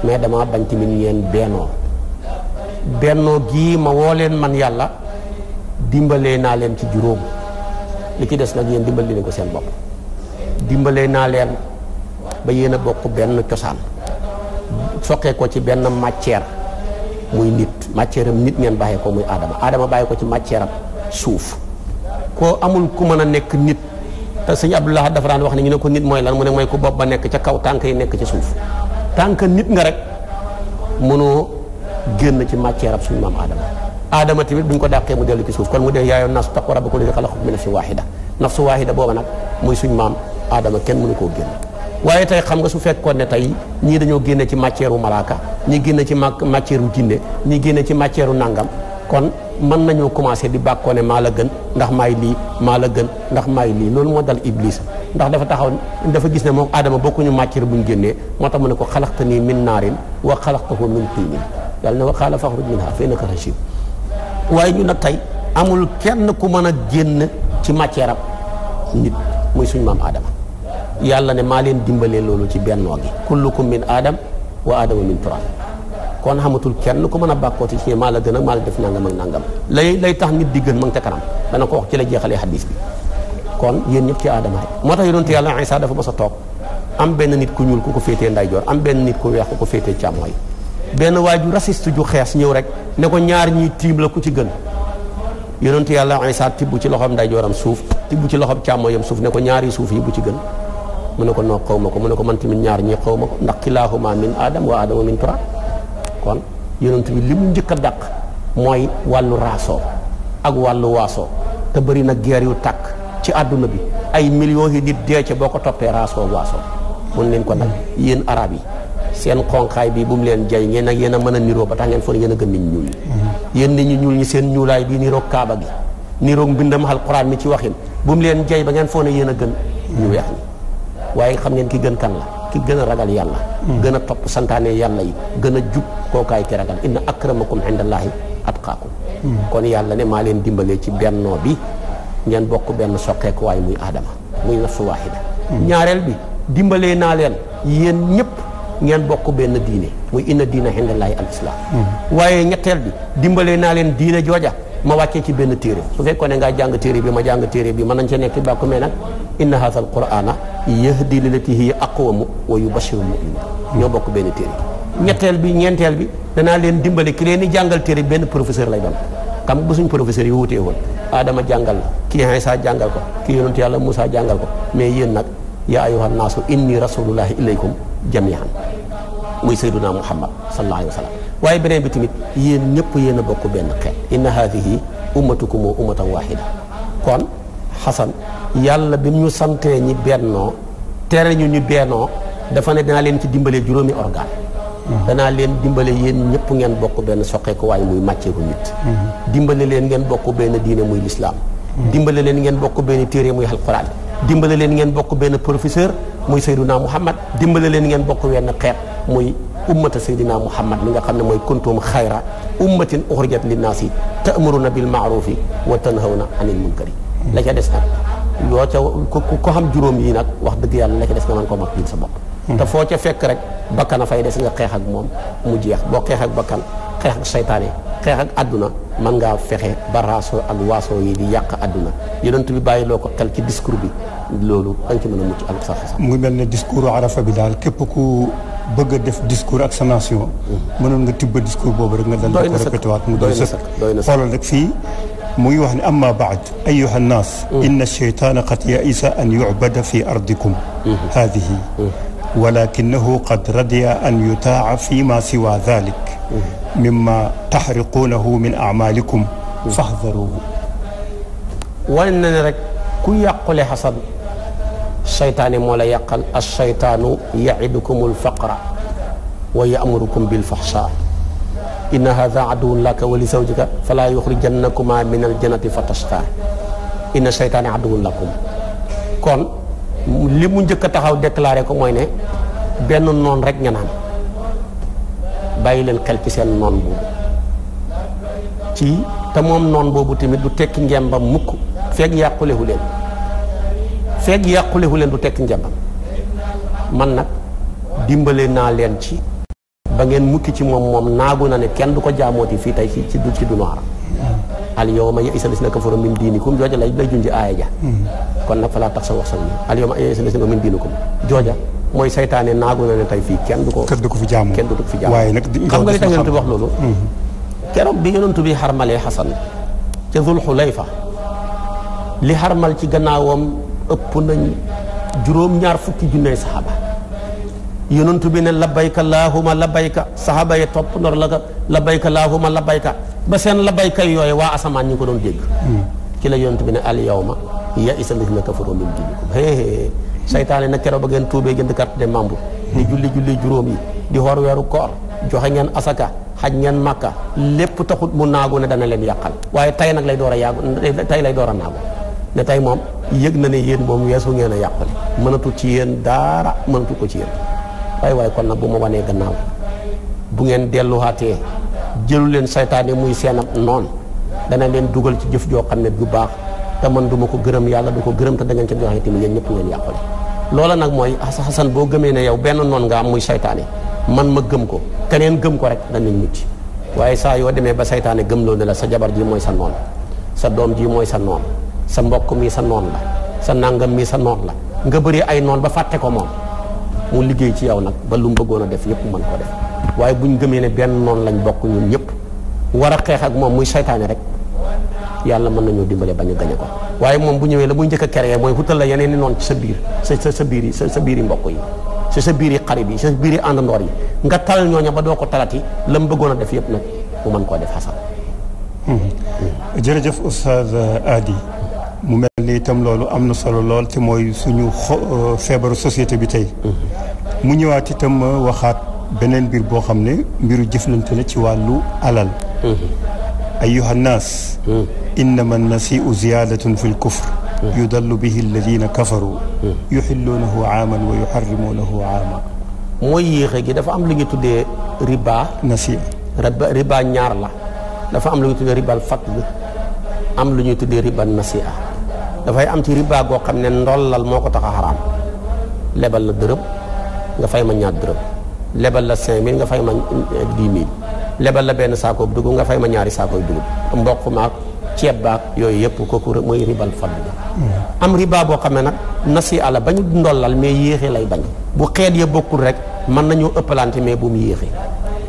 S2: mais dama bañ tamit ngeen bennoo bennoo gii ma woo leen man yàlla dimbalee naa leen ci juróom li ci des nag yéen dimbal leen ko seen bopp dimbalee naa leen ba yéen a bokk benn cosaan soqe ko ci benn matière muy nit matière am nit ngeen bàyyee ko muy aadama aadama bàyyi ko ci matière suuf koo amul ku mën a nekk nit te sëñ Abdullah dafa daan wax ne ñu ne ko nit mooy lan mu ne mooy ku bopp ba nekk ca kaw tànk yi nekk ca suuf tant que nit nga rek mënoo génn ci matière ab suñu maam aadama aadama tamit bu ñu ko dàqee mu dellu ci suuf kon mu dee yaayoon naasu taqu rabbakum alladi xalaqakum min nafsin waahida nafsu waahida booba nag muy suñu maam aadama kenn mënu koo génn waaye tey xam nga su fekkoon ne tey ñii dañoo génne ci matière wu malaaka ñii génne ci matière wu jinne ñii génne ci matière wu nàngam kon man nañoo commencé di bàkkoo ne maa la gën ndax maay lii maa la gën ndax maay lii loolu moo dal iblis ndax dafa taxaw dafa gis ne moom aadama bokkuñu matière bu ñu génnee moo tax mu ne ko xalaxta nii min naarin wa ko min tiinin yàlla ne wa qaala faxruj minha fa innaka rajim waaye ñu nag tey amul kenn ku mën a génn ci matière am nit muy suñu maam aadama yàlla ne maa leen dimbalee loolu ci bennoo gi kullukum min aadam wa aadama min turab kon xamatul kenn ku mën a bàkkoo ci ci maa la gën a maa la def nangam ak nangam lay lay tax nit di gën ma nga ca kanam dana ko wax ci la jeexalee xadis bi kon yéen ñëpp ci aadama rek moo tax yonent yàlla Isa dafa mos a toog am benn nit ku ñuul ku ko féetee ndeyjoor am benn nit ku weex ku ko féetee càmmooñ benn waa ju raciste ju xees ñëw rek ne ko ñaar ñi tiim la ku ci gën yonent yàlla Isa tibb ci loxoom ndeyjooram suuf tibb ci loxoom càmmooñam suuf ne ko ñaari suuf yi bu ci gën mu ne ko noo xaw ma ko mu ne ko man tamit ñaar ñi xaw ma ko ndax kilaahuma min adam wa adama min kon yonent bi li mu njëkk a dàq mooy wàllu raasoo ak wàllu waaso te bari na guerre yu takk ci àdduna bi ay millions yi nit dee ca boo ko toppee raasoo waaso mun leen ko nag yéen arab yi seen xonqaay bi bu mu leen jay ngeen ak yéen a mën a niroo ba tax ngeen foog ngeen a gën nit ñi yéen ñu ñuul ñi seen ñuulaay bi niroog kaaba gi niroog mbindam alquran mi ci waxin bu mu leen jay ba ngeen foog ne yéen a gën ñu weex ñi waaye xam ngeen ki gën kan la ki gën a ragal yàlla hmm. gën a topp santaane yàlla yi gën a jub kookaay ki ragal inna akramakum indallahi atqaakum hmm. kon yàlla ne maa leen dimbalee ci bennoo bi ngeen bokk benn soqeekuwaay muy aadama muy nafsu waahida hmm. ñaareel bi dimbalee naa leen yéen ñëpp ngeen bokk benn diine muy inna diina indallahi al islam waaye ñetteel bi dimbalee naa leen diine jooja ma wàccee ci benn téere su fekkoon ne ngaa jàng téere bi ma jàng téere bi ma nañ ca nekk bàkku mais nag inna haadha al qur'ana yahdi lillati hiya aqwamu wa yubashiru al mu'minin ñoo bokk benn téere ñetteel bi ñeenteel bi danaa leen dimbale ki leen di jàngal téere benn professeur lay doon kam nga bu suñ professeur yi wutee woon Adama jàngal la kii Iisaa jàngal ko kii yonent yàlla musaa jàngal ko mais yéen nag yaa ayyuhan naasu inni rasulullahi ilaykum jami'an muy sayyiduna Muhammad sallallahu alayhi wa sallam waaye beneen bi tamit yéen ñëpp yéen a bokk benn xeet inna ko ummatukum ummatan waahida kon xasan yàlla bi ñu santee ñi bennoo tere ñu ñu bennoo dafa ne danaa leen ci dimbale juróomi organe mhm. danaa leen dimbale yéen ñëpp ngeen bokk benn soqeeku waaye muy bu nit mhm. dimbale leen ngeen bokk benn diine muy lislaam mhm. dimbale leen ngeen bokk benn téere muy alquran dimbale leen ngeen bokk benn professeur muy Seyduna Muhammad dimbale leen ngeen bokk wenn xeet muy ummata saydina muhammad mi nga xam ne mooy kuntum xayra ummatin uxrijat linnaasi ta'muruna bil ma'rufi wa tanhawna anil munkari la ca des nag ko xam juróom yi nag wax dëgg yàlla la ca des nga mën koo sa bopp te foo ca fekk rek bakkan a fay des nga xeex moom mu jeex boo xeex ak bakkan xeex seytaane xeex ak man mën ngaa fexe ba raasoo ak waasoo yi di yàq àdduna yeneen bi bàyyi loo ko xel ci discours bi loolu da nga ci mën a mucc ak sax
S1: mu ngi mel ne discours arafa bi daal képp ku bëgg a def discours ak sa nation. mënoon nga tibb discours boobu rek nga dal di ko répété waat mu doy sëkk xoolal rek fii mu ngi wax ne amma baad ayuha nnaas mm. inna cheytaana qad yaisa an yubada fi ardikum mm-hmm. haadihi mm-hmm. walakinahu qad radiya an yutaa fi ma siwa dalik mimma mm-hmm. taxriquunahu min acmaalikum faxdaruhu
S2: wane na ne rek ku yàqule xasan seytaane moo la yàqal as seytaanu yaidukumul faqra wa yaamurukum bil faxsaa inna haada aduwun laka wa li zawjika falaa yuxrijannakuma min al jannati fa tasqaa inna seytaane aduwun lakum kon li mu njëkk a taxaw déclaré ko mooy ne benn noon rek nga naan bàyyi leen xel ci seen noon boobu ci te moom noon boobu tamit du tekki ngembam mukk fekk yàqulewu leen feeg yàqulewu leen du tekk njabam man nag dimbale naa leen ci ba ngeen mukki ci moom moom naagu na ne kenn du ko jaamooti fii tey ci du ci dunaar al yawma ya'isa lasina kafaru min diinikum jooja lay lay junji aaya ja kon nag falaa tax sa wax sa al yawma ya'isa lasina min jooja mooy saytaane naagu na ne tey fii kenn du ko kenn du ko fi jaamoo kenn du ko fi jaamoo waaye xam nga li tax yonent bi wax mm-hmm. bi yonent bi xarmalee xasan ca Zul Xulayfa li xarmal ci gannaawam ëpp nañ juróom ñaar fukki junney saxaaba yonent bi ne labbayka laahuma labbayka saxaaba yi topp ndor la ka labbayka laahuma labbayka ba seen labbayka yooyu waa asamaan ñu ko doon dégg ci la yonent bi ne al yawma ya'isa alladhina kafaru min dinikum hee saytaane nag keroog ba ngeen tuubee jënd carte de membre julli julli juróom yi di xoor weeru koor joxe ngeen asaka xaj ngeen makka lépp taxut mu naagu ne dana leen yàqal waaye tay nag lay door a yaagu tay lay door a naagu ne tey moom yëg na ne yéen moom weesu ngeen a yàqale mënatul ci yéen daara mënatul ko ci yéen waaye waaye kon nag bu ma wanee gannaaw bu ngeen delluwaatee jëlu leen saytaane muy seen seenam noonu dana leen dugal ci jëf joo xam ne bu baax te man du ma ko gërëm yàlla du ko gërëm te da ngeen ci joxe tamit yéen ñëpp ngeen yàqale loola nag mooy xasan boo gëmee ne yow benn noonu nga am muy seytaane man ma gëm ko keneen gëm ko rek danañ ci waaye saa yoo demee ba saytaane gëm loo ne sa jabar ji mooy sa sa doom ji mooy sa noon sa mbokk mii sa noon la sa nàngam mi sa noon la nga bëri ay noon ba fàtte ko moom mu liggéey ci yow nag ba lu mu bëggoon a def yëpp mën ko def buñ gëmee ne benn noonu lañ bokk ñun ñëpp war a xeex moom muy saytaane rek yàlla mën nañoo dimbale bañ a ko waaye moom bu ñëwee la muy njëkk a créé mooy wutal la yeneen i noonu ci sa biir sa sa biir yi sa sa biir mbokk yi ci sa biir yi xarit yi sa biir yi àndandoor yi nga tal ñooña ba doo ko talati la mu bëggoon a def yëpp nag mu mën koo def xasal
S1: mm-hmm. mm-hmm. jërëjëf mu mel ni itam loolu am na solo lool te mooy suñu xo euh, feebaru société bi tey. Mm-hmm. mu ñëwaat tam euh, waxaat beneen mbir boo xam ne mbiru jëflante la ci wàllu alal.
S2: Mm-hmm.
S1: ayyuha nnaas. Mm-hmm. innama nnasiu ziyaadatun fi lkufr. yudallu bihi alladina kafaru. yuxilluunahu aaman
S2: wa yuxarrimuunahu aaman. yéexe gi dafa am lu ñu tuddee riba. nasiya riba ñaar la. dafa am lu ñu tuddee ribal fadl am lu ñuy tuddee riba nasiya. dafay am ci riba goo xam ne ndollal moo ko tax a xaraam lebal la dërëb nga fay ma ñaar dërëm lebal la cinq mille nga fay ma dix lebal la benn saakoob dugub nga fay ma ñaari saakooy dugub mboq maak ceeb baa yooyu yëpp kooku mooy ribal fadl hmm. am riba boo xam ne nag nasi àlla ba ñu ndollal mais yéexee lay bañ bu xeet ya bokkul rek mën nañoo ëppalante mais bu mu yéexe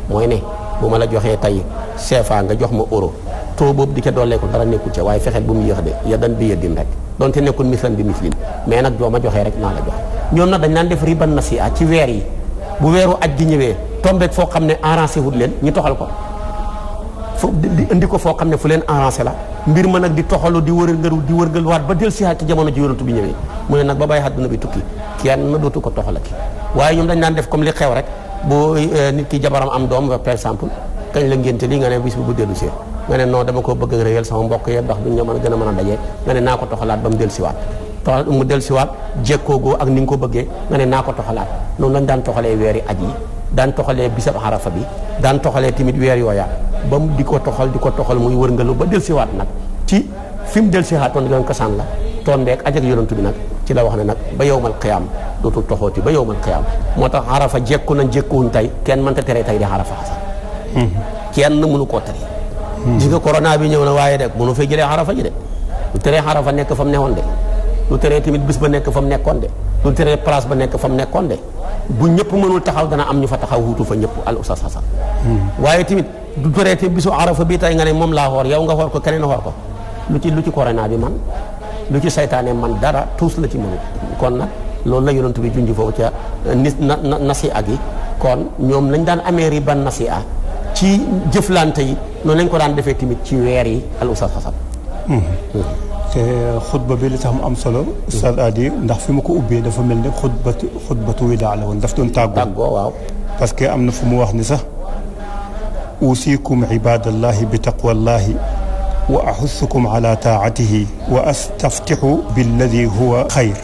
S2: mooy ne bu ma la joxee tey CFA nga jox ma euro taux boobu di ca dooleeku dara nekkul ca waaye fexeel bu mu yéex de ya dan bi yëddin rek donte nekkul mislan bi mislin mais nag boo ma joxee rek naa la jox ñoom nag dañ naan def riban nasiha ah ci weer yi bu weeru aj gi ñëwee tombeeg foo xam ne arrangé wut leen ñu toxal ko fo di indi ko foo xam ne fu leen arrangé la mbir ma nag di toxalu di wërngalu di wërngal waat ba del si ci jamono ji yonantu bi ñëwee mu ne nag ba bàyyi àdduna bi tukki kenn na dootu ko toxalati waaye ñoom dañ naan def comme li xew rek boo eh, nit ki jabaram am doom par exemple kañ la ngénte lii nga ne bis bu bu dellu si nga ne non dama ko bëgg a réyal sama mbokk yee ndax duñ mën a a mën a daje nga ne naa ko toxalaat ba mu dellu siwaat toxalaat mu dellu siwaat ak ni nga ko bëggee nga ne naa ko toxalaat noonu lañ daan toxalee weeri aj yi daan toxalee bisab xarafa bi daan toxalee tamit weer yooya ba mu di ko toxal di ko toxal muy wërngalu ba dellu siwaat nag ci fi mu dellu siwaat toon doon kasaan la tombeek aj ak yonent bi nag ci la wax ne nag ba yowmal xiyaam dootul toxooti ba yowmal xiyaam moo tax xarafa jekku nañ jekkuwuñ tey kenn mënta tere tey di xarafa xasa kenn mënu koo tari hmm. gis nga corona bi ñëw na waaye de mënu fay jëlee xarafa ji de lu teree xarafa nekk fa mu neexoon de lu teree tamit bis ba nekk fa nekkoon de lu teree place nekk fa mu nekkoon de bu ñëpp mënul taxaw dana am ñu fa taxaw wuutu fa ñëpp sa sa Hasan hmm. waaye tamit du teree tamit bisu xarafa bii tey nga ne moom laa xoor yow nga xoor ko keneen xoor ko lu ci lu ci corona bi man lu ci saytaane man dara tuus la ci mënul kon nag loolu la yonent bi junj foofu ca euh, nis na nasi ak yi ko ñoom lañ daan amee riba nasi a ci jëflante yi noonu lañ ko daan defee tamit ci weer yi al oustaz Xasan
S1: hmm. te xutba bi li tax mu am solo oustaz Adi ndax fi mu ko ubbee dafa mel ne xutbatu xutbatu widaa la woon daf doon tàggoo tàggoo waaw parce que am na fu mu wax ni sax uusikum ibadallahi bi taqwallahi wa axussukum ala taatihi wa astaftixu billadi huwa xayr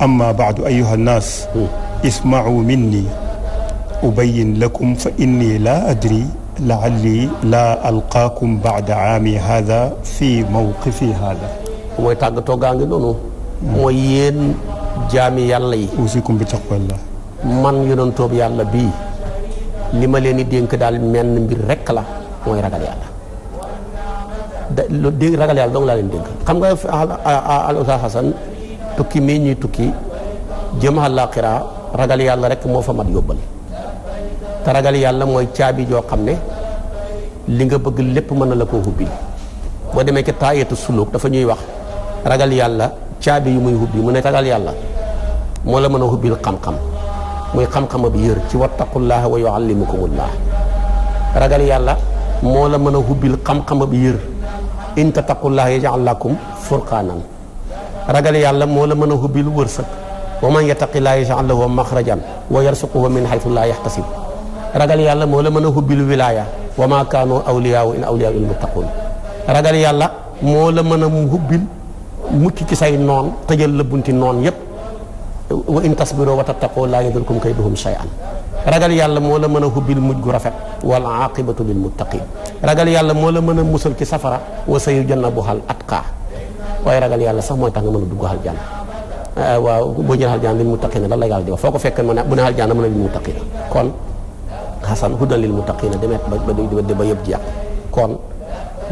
S1: amma baadu ayuha nnaas hmm. ismacu minni ubayin lakum fa inni laa adri laalli laa alqaakum baada aami haada fi mawqifi
S2: haada mooy tàggatoo gaa ngi noonu mooy yéen jaami yàlla yi usikum bi taqwallah yàlla bii li ma leen di dénk daal menn mbir rekk la mooy ragal yàlla da dé ragal yàlla laa leen dénk xam nga al tukki mii ñuy tukki jëm àllaaxira ragal yàlla rekk moo fa mat yóbbal te ragal yàlla mooy caabi joo xam ne li nga bëgg lépp mën na la boo demee ke taayatu suluk dafa ñuy wax ragal yàlla caabi yu muy hubbi mu ne ragal yàlla moo la mën a hubbil xam-xam muy xam bi yër ci wattaqullaha wa yuallimukumullah ragal yàlla moo la mën a hubbil xam-xama bi yër in tattaqullaha yaj'al lakum furqaanan ragal yàlla moo la mën a hubbil wërsëg wa man yattaqillaa yaj'al lahu maxrajan wa yarsuquhu min haythu laa yahtasib ragal yàlla moo la mën a hubbil wilaaya wa maa kaanu awliyaawu in awliyaa il muttaquun ragal yàlla moo la mën a hubbil mucc ci say noon tëjal la bunti noon yépp wa in tasbiroo wa tattaqoo laa yadurkum kayduhum shay'an ragal yàlla moo la mën a hubbil mujj gu rafet wal aqibatu lil muttaqin ragal yàlla moo la mën a musal ci safara wa sayujannabuhal atqaa waaye ragal yàlla sax mooy tax nga mën a dugg xal jànn eh, waaw boo jël xal jànn lil muttaqina lan la yàlla di wax foo ko fekk mu ne bu ne xal jànn mu ne lil muttaqina kon xasan hudan lil muttaqina demet ba ba yëpp jeex kon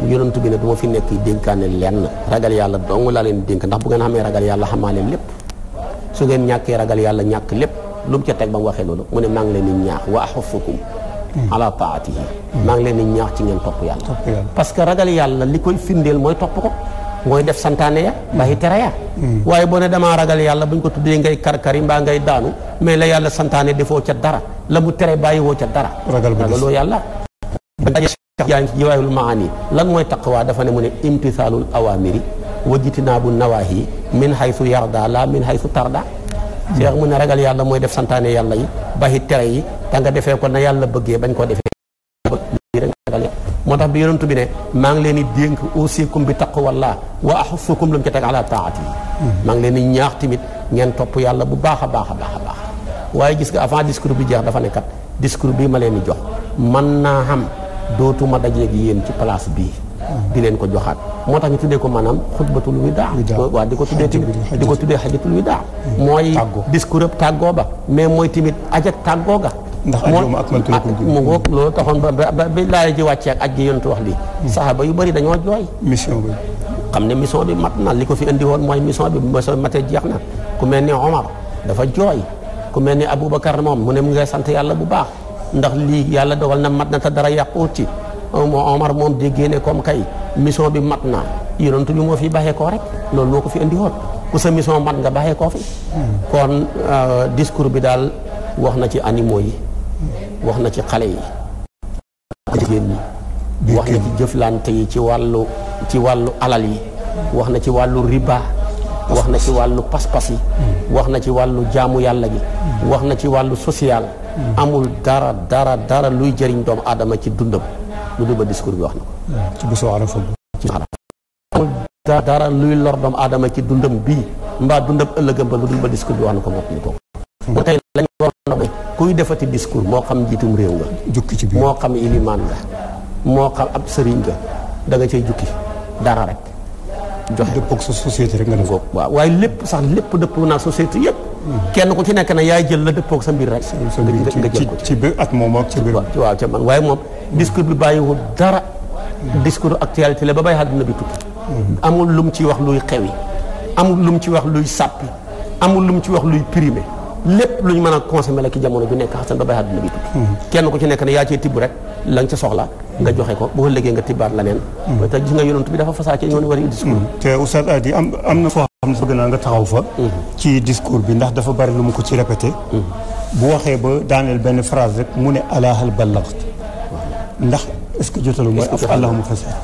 S2: yonent bi ne du ma fi nekk dénkaane lenn ragal yàlla dong laa leen dénk ndax bu ngeen xamee ragal yàlla xamaa leen lépp su ngeen ñàkkee ragal yàlla ñàkk lépp lu mu ca teg ba mu waxee loolu mu ne maa ngi leen di ñaax wa axafukum ala taatihi hmm. maa ngi leen di ñaax ci ngeen topp yàlla parce que ragal yàlla li koy firndeel mooy topp ko mooy def santaane ya bàyyi tere ya hmm. waaye boo ne damaa ragal yàlla buñ ko tuddee ngay karkari mbaa ngay daanu mais la yàlla santaane defoo ca dara la mu tere bàyyi woo ca dara ragaloo yàlla jaan ci jiwaayul maani lan mooy taqwa dafa ne mu ne imtisaalul awamiri wa jitinaabu nawaahi min haythu yarda la min haythu tarda seex hmm. mu ne ragal yàlla mooy def santaane yàlla yi bàyyi tere yi ta defee ko na yàlla bëggee bañ koo defee moo tax bi yonent bi ne maa ngi leen di dénk uusikum bi taqwallah wa axusukum lam ca teg ala taati maa ngi leen di ñaax tamit ngeen topp yàlla bu baax a baax a baax a baax waaye gis nga avant discours bi jeex dafa nekkat discours bii ma leen di jox man naa xam dootuma dajeeg yéen ci place bii di leen ko joxaat moo tax ñu tuddee ko maanaam xutbatul widaa waaw di ko tuddee tamit di ko tuddee xajatul widaa hmm. mooy discours ab tàggoo ba mais mooy tamit ajak tàggoo ga ndax aljuma akmaltu lakum mu ngoog loolu taxoon ba ba ba laaya ji wàccee ak aj ji yontu wax lii hmm. saxaaba yu bëri dañoo jooy mission bi xam ne mission bi mat na li ko fi indi woon mooy mission bi mission bi matee jeex na ku mel ni Omar dafa jooy ku mel ni Aboubacar moom mu ne mu ngay sant yàlla bu baax ndax lii yàlla dogal na mat na te dara yàquwut ci moo Omar moom déggee ne comme kay mission bi mat na yonent bi moo fi baxee koo rek loolu moo ko fi indi woon ku sa mission mat nga baxee koo fi hmm. kon euh, discours bi daal wax na ci animaux yi wax na ci xale yi jigéen wax na ci jëflante yi ci wàllu ci wàllu alal yi wax na ci wàllu riba wax na ci wàllu paspas pas yi mm. wax na ci wàllu jaamu yàlla gi mm. wax na ci wàllu social mm. amul dara dara dara luy jëriñ doomu adama ci dundam lu dul ba discours bi wax na ko ci bésu arafa ci amul dara luy lor doomu aadama ci dundam bii mbaa dundam ëllëgam ba lu dul ba discours bi wax na ko moom ñu toog kuy defati discours moo xam njiitum réew nga. jukki ci biir moo xam ilimaan nga moo xam ab sëriñ nga danga nga cay jukki dara rek. joxe dëppoo sa société rek nga def. waaw waaye lépp sax lépp dëppoo naa société yëpp. kenn ku ci nekk na yaay jël la dëppoo sa mbir rek. sa mbir ci ci biir at moom ak ci biir. waaw ca man waaye moom discours bi bàyyiwul dara. discours actualité la ba bay àdduna bi tukki. amul lu mu ci wax luy xewi. amul lu mu ci wax luy sàppi. amul lu mu ci wax luy primé. lépp lu ñu mën a consommer la ki jamono ju nekk xasan ba bay àdduna bi hmm. kenn ku ci nekk ne yaa cee tibb rek la nga ca soxla nga joxe ko boo léegee nga tibbaat la neen hmm. te gis nga yonent bi dafa fasaa ci ñoon a discours
S1: hmm. te na foo xam ne bëgg naa nga taxaw fa ci discours bi ndax dafa bari lu mu ko ci répété bu waxee ba daaneel benn phrase rek mu ne alaahal ballaxt ndax est-ce que jotalu mooy af allahuma fasaa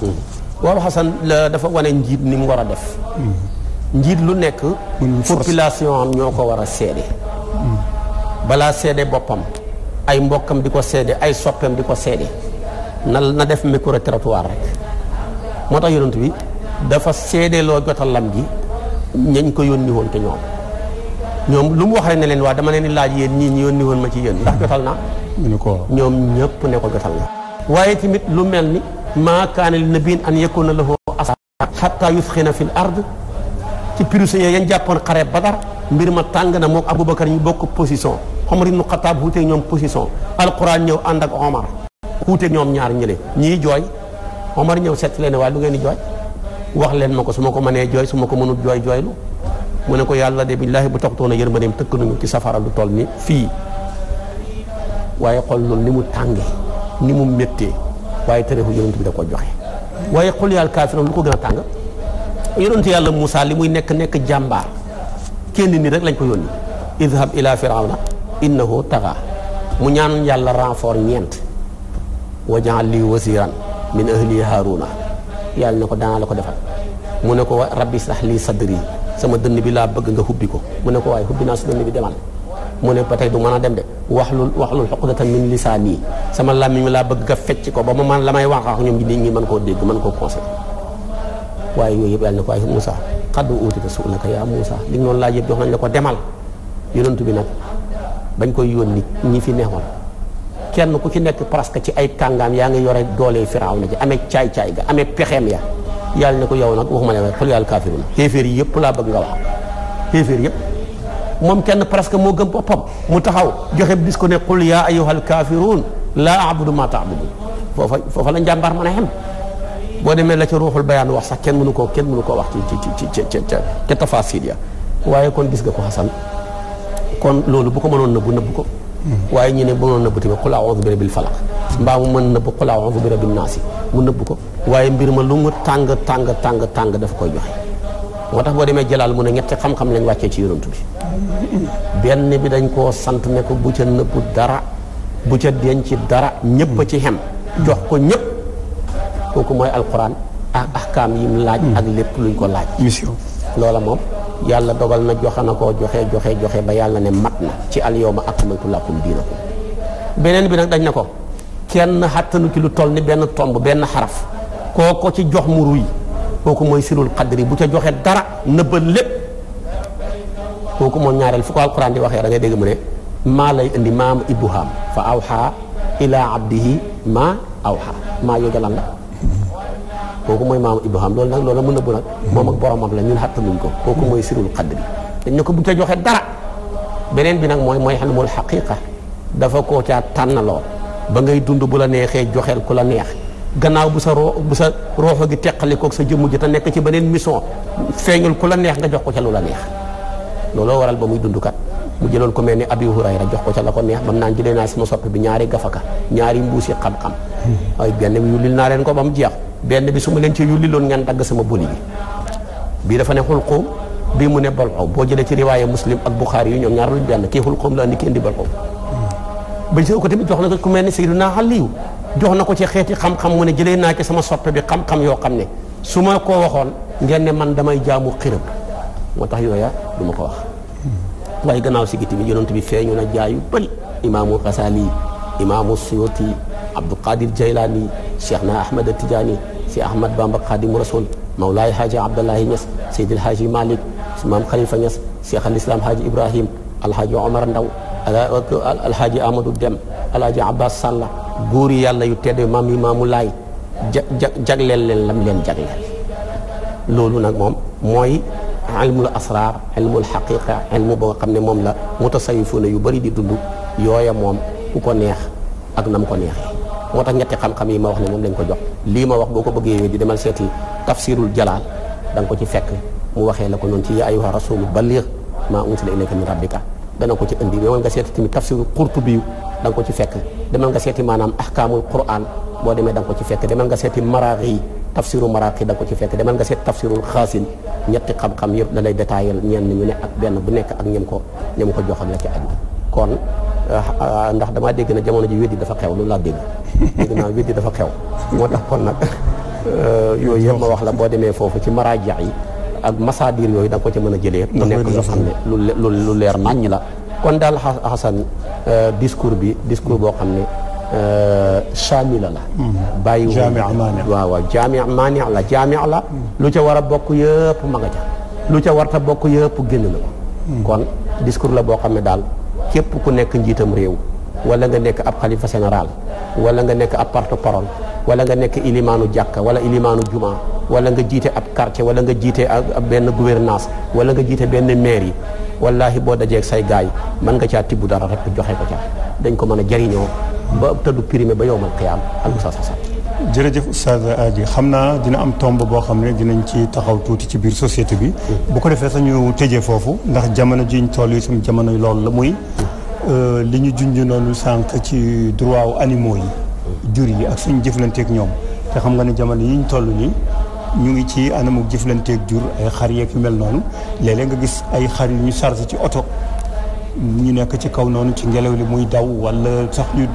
S2: waaw xasan dafa wane njiit ni mu war a def njiit lu nekk population am ñoo ko war a seede balaa seede boppam ay mbokkam di ko seede ay soppeem di ko seede na na def micro trottoir rek moo tax yonent bi dafa seedeeloo jotalam gi ñañ ko yónni woon te ñoom ñoom lu mu wax rek ne leen waa dama leen laaj yéen ñi ñu yónni woon ma ci yéen ndax jotal naa ñoom ñëpp ne ko jotal na waaye tamit lu mel ni maa kaana li nabiin an yakuna lahu asra xatta yusxina fil ard ci piruse yee yañ jàppoon xare Badar mbir ma tàng na mook Aboubacar ñu bokk position Omar ibnu Xataab wuuteeg ñoom position alquran ñëw ànd ak Omar wuuteeg ñoom ñaar ñële ñii jooy Omar ñëw seet leen waaye lu ngeen di jooy wax leen ma ko su ma ko mënee jooy su ma ko mënut jooy jooylu mu ne ko yàlla de billaahi bu taxutoon a yërmandeem tëkk nañu ci safara lu toll ni fii waaye xool loolu ni mu tànge ni mu méttee waaye tereefu yonent bi da ko joxe waaye xul yàlla kaafiroon ko gën a tàng yonent yàlla Moussa li muy nekk nekk jàmbaar kenn nit rek lañ ko yónni idhab ila firawna innahu taxa mu ñaan yàlla renfort ñeent wa jaal lii wasiran min ahli haaruna yàlla ne ko danaa la ko defal mu ne ko wa rabbi israh lii sadri sama dënn bi laa bëgg nga hubbi ko mu ne ko waaye hubbi naa su dënn bi demal mu ne ba tey du mën a dem de waxlul waxlul xoqdatan min lisaani sama làmmiñ laa bëgg nga fecc ko ba ma man la may wax ak ñoom nit ñi mën koo dégg mën koo conseil waaye yooyu yëpp yàlla ne ko a Moussa xadd uuti ka su laka yaa Muusa li ñu doon laaj yëpp jox nañ la ko demal yonentu bi nag bañ koy yónni ñi fi neexoon kenn ku ci nekk presque ci ay kàngaam yaa ngi yore doole firaaw na ci amee caay-caay ga amee pexeem ya yàlla ne ko yow nag waxuma ne waaye xul yàlla kaafiru na xéeféer yi yëpp laa bëgg nga wax xéeféer yëpp moom kenn presque moo gëm boppam mu taxaw joxe bis ko ne qul yaa ayyuhal kaafiruun laa abudu ma taabudun foofa foofa la njàmbaar mën a xem boo demee la ca ruuxul bayaan wax sax kenn mënu koo kenn mënu koo wax ci ci ci ci ya waaye kon gis nga ko xasan kon loolu bu ko mënoon nëbbu nëbbu ko waaye ñu ne bu mënoon nëbbu tamit qul a'uudu bi rabbil falaq mbaa mu mën nëbbu qul a'uudu bi rabbin naasi mu nëbbu ko waaye mbir ma lu mu tàng tàng tàng tàng dafa koy joxe moo tax boo demee jalaal mu ne ñetti xam-xam lañ wàccee ci yonantu bi benn bi dañ koo sant ne ko bu ca nëbbu dara bu ca ci dara ñëpp a ci xem jox ko ñëpp kooku mooy alquran ak ahkaam yi laaj ak lépp luñ ko laaj mission loola moom yàlla dogal na joxe na ko joxe joxe joxe ba yàlla ne mat na ci al yawma akmaltu lakum diinakum beneen bi nag dañ na ko kenn xattanu ci lu toll ni benn tomb benn xaraf koo ko ci jox mu ruy kooku mooy sirul qadri bu ca joxe dara nëbbal lépp kooku moom ñaareel fu ko alquran di waxee da ngay dégg mu ne maa lay indi maam ibuham fa awxa ila abdihi ma awxa maa yooja la kooku mooy maamu xam loolu nag loolu mën na bu nag moom ak boromam la ñun xattanuñ ko kooku mooy sirul xadri dañ ne ko bu ta joxee dara beneen bi nag mooy mooy xam mul xaqiqa dafa koo caa tànnaloo ba ngay dund bu la neexee joxeel ku la neex gannaaw bu sa bu sa rooxo gi teqalikoog sa jëmm ji te nekk ci beneen mission feeñul ku la neex nga jox ko ca lu la neex looloo waral ba muy kat mu jëloon ko mel ni Abi Hurayra jox ko ca la ko neex bam naan jëlee naa suma soppi bi ñaari gafaka ñaari mbuusi xam-xam waaye hmm. benn yu lil naa leen ko ba mu jeex benn bi su ma leen ci yulli loon ngeen dagg sama boli bi bii dafa ne xulqum bii mu ne balxum boo jëlee ci riwaaya muslim ak buxaari yi ñoom ñaar luñ benn kii xulqum la andi kii indi balxum bañ soo ko tamit jox na ko ku mel ni Seydina Aliyu jox na ko ci xeeti xam-xam ne jëlee naa sama soppe bi xam-xam yoo xam ne su ma koo waxoon ngeen ne man damay jaamu xirab moo tax yooya du ma ko wax waaye gannaaw si giti bi yonent bi feeñu na jaayu bëri imaamu Xasali imaamu Suyuti Abdul Qadir Jaylaani Cheikh na Ahmad Tijaani si Ahmad Bamba Xaadimu Rasul Mawlaay Haaji Abdallahi Ñas Seydil Haaji Malick Maam Khalifa Ñas Cheikh al Islam Haaji Ibrahim Alhaaji Omar Ndaw Alhaaji Amadou Dem Alhaaji Abbas Sàlla góori yàlla yu tedd maam yi maamu laay ja jagleel leen lam leen jagleel loolu nag moom mooy ilmul asrar ilmul xaqiqa ilmu ba xam ne moom la mutasawifuna yu bari di dund yooya moom ku ko neex ak na mu ko neexee moo tax ñetti xam-xam yi ma wax ne moom lañ ko jox lii ma wax boo ko bëggee wéy di demal seeti tafsirul jalaal da ko ci fekk mu waxee la ko noonu ci yaa ayyuha rasulu balligh maa unsila ilayka min rabbika dana ko ci indi demal nga seeti tamit tafsirul qurtubi da nga ko ci fekk demal nga seeti maanaam ahkaamul quran boo demee da nga ko ci fekk demal nga seeti maraaxi tafsiru maraaxi da ko ci fekk demal nga seeti tafsirul xaasin ñetti xam-xam yëpp da lay détaillé ñeen ñu ne ak benn bu nekk ak ñem ko ñem ko joxoon la ci aju kon Ah, ndax damaa dégg na jamono ji weddi dafa xew loolu laa dégg dafa xew moo tax kon nag euh, yooyu yëpp ma wax la boo demee foofu ci maraajax yi ak masaadir yooyu da ko ci mën a jëlee mu nekk loo xam ne lu lu leer naññ la kon daal xasan euh, discours bi discours boo xam ne chamila euh, la mm-hmm. bàyyi waaw waaw jaami maani la jaami la mm-hmm. lu ca war a bokk yëpp ma nga ca lu ca warta bokk yëpp génn na ko mm-hmm. kon discours la boo xam ne daal képp ku nekk njiitam réew wala nga nekk ab xalifa général wala nga nekk ab porte parole wala nga nekk ilimaanu jàkk wala ilimaanu juma wala nga jiite ab quartier wala nga jiite ab benn gouvernance wala nga jiite benn maire yi wallahi boo dajeeg say gaay man nga caa tibb dara rek joxe ko ca dañ ko mën a jariñoo ba tëddu primé ba yow man xiyaam almusa sasa
S1: jërëjëf Oustaz Adi xam naa dina am tomb boo xam ne dinañ ci taxaw tuuti ci biir société bi. bu ko defee sañu ñu tëjee foofu ndax jamono jiñ toll yi suñu jamono loolu la muy. Euh, li ñu junj noonu sànq ci droit wu animaux yi. jur yi ak suñu jëflanteeg ñoom te xam nga ne jamono yiñ toll nii. ñu ngi ci anamuk jëflanteeg jur ay xar yeeg yu mel noonu léeg nga gis ay xar yu ñu chargé ci oto ñu nekk ci kaw noonu ci ngelaw li muy daw wala sax ñu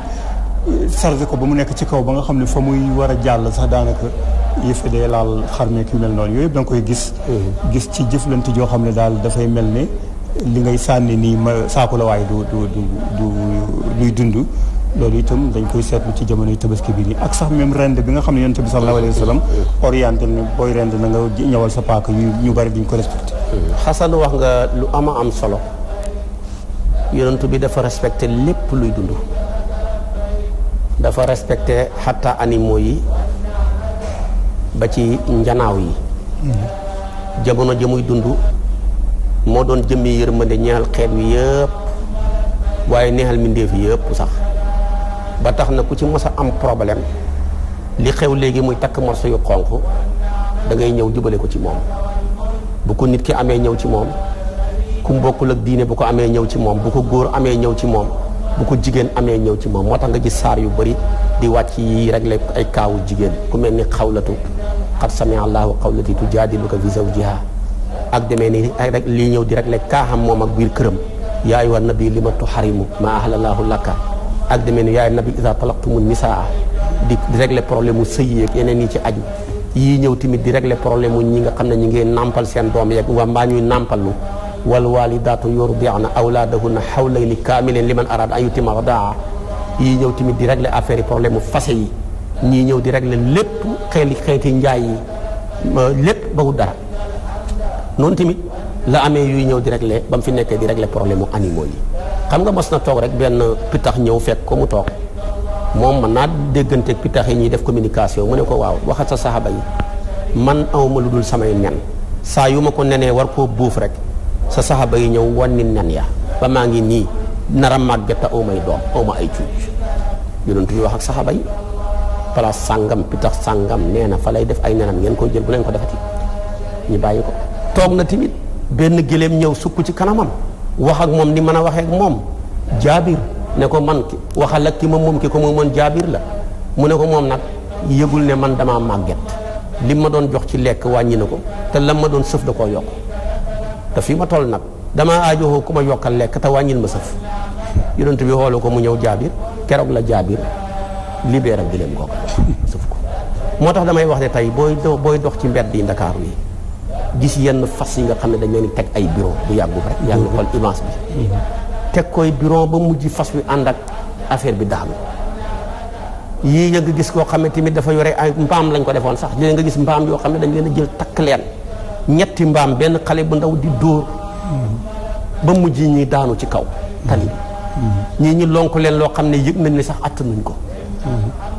S1: chargé ko ba mu nekk ci kaw ba nga xam ne fa muy war a jàll sax daanaka yëf day laal xarmeek yu mel noonu yooyu yëpp da koy gis. Mm-hmm. gis ci jëflante joo xam ne daal dafay mel ne li ngay sànni nii ma saako la waaye du du du du luy dund. loolu itam dañ koy seetlu ci jamonoy tabaski bi nii ak sax même rend bi nga xam ne yonent bi sallallahu alayhi wa sallam mm-hmm. orienté na booy rend na nga ñëwal sa paaka ñu ñu
S2: bari duñ ko respecté. Mm-hmm. Xasan wax nga lu am am solo yonent bi dafa respecté lépp luy dund. dafa respecté xatta animaux yi ba ci njanaaw yi jamono jëmuy dund moo doon jëmmi ne ñeexal xeet wi yëpp waaye neexal mbindéef yëpp sax ba tax na ku ci mos a am problème li xew léegi muy takk morso yu xonq da ngay ñëw jubale ko ci moom bu ko nit ki amee ñëw ci moom ku mbokkul ak diine bu ko amee ñëw ci moom bu ko góor amee ñëw ci moom bu ko jigéen amee ñëw ci moom moo tax nga gis saar yu bëri di wàcc yi réglé ay kaawu jigéen ku mel ni xawlatu qad samia allahu qawlati tujaadiluka fi zawjiha ak demee ni ay rek lii ñëw di réglé kaaxam moom ak biir këram yaa ayyuhan nabi li ma tuharimu ma ahlallahu laka ak demee ni yaay nabi isa talaqtumu nisaa di réglé problème mu sëy yeeg yeneen yi ci aju yii ñëw tamit di réglé problème mu ñi nga xam ne ñi ngi nàmpal seen doom yeeg waa mbaa ñuy nàmpal lu yi beex na walidaatu yurdi'na awlaadahunna hawlayni kaamilayn liman araada an yutimma radaa yii ñëw tamit di régler affaire yi problème mu fase yi ñii ñëw di régler lépp xeeti xeeti njaay yi lépp bawut dara noonu tamit la amee yuy ñëw di régler ba mu fi nekkee di régler problème mu animaux yi xam nga mos na toog rek benn pitax ñëw fekk ko mu toog moom man naa dégganteeg pitax yi ñuy def communication mu ne ko waaw waxat sa saxaaba yi man awma lu dul samay nen saa yu ma ko nenee war buuf rek sa saxaba yi ñëw wan nit nen ya ba maa ngi nii naram màgget a oomay doom ooma ay cuuj yonent bi wax ak saxaba yi place sàngam pitax sàngam nee na fa lay def ay nenam ngeen koy jël bu leen ko defati ñu bàyyi ko toog na tamit benn géléem ñëw sukk ci kanamam wax ak moom ni mën a waxee moom jaabir ne ko man waxal ak ki ma moom ki ko ma mën jaabir la mu ne ko moom nag yëgul ne man damaa màgget li ma doon jox ci lekk wàññi na ko te la ma doon sëf da koo yokk fi ma toll nag damaa aajowoo ku ma yokkal lekk te wàññil ma sëf yonent bi xoolu ko mu ñëw jaabir keroog la jaabir libeer ak leen googa sëf ko moo tax damay wax ne tey booy booy dox ci mbedd yi ndakaaru yi gis yenn fas yi nga xam ne dañ leen teg ay bureau bu yàggu rek yaa ngi xool image bi teg koy bureau ba mujj fas wi ànd ak affaire bi daanu yii nga gis koo xam ne tamit dafa yore ay mbaam lañ ko defoon sax li nga gis mbaam yoo xam ne dañ leen a jël takk leen ñetti mbaam benn xale bu ndaw di dóor ba mujj ñi daanu ci kaw tali bi ñii ñi lonk leen loo xam ne yëg nañ ne sax att ko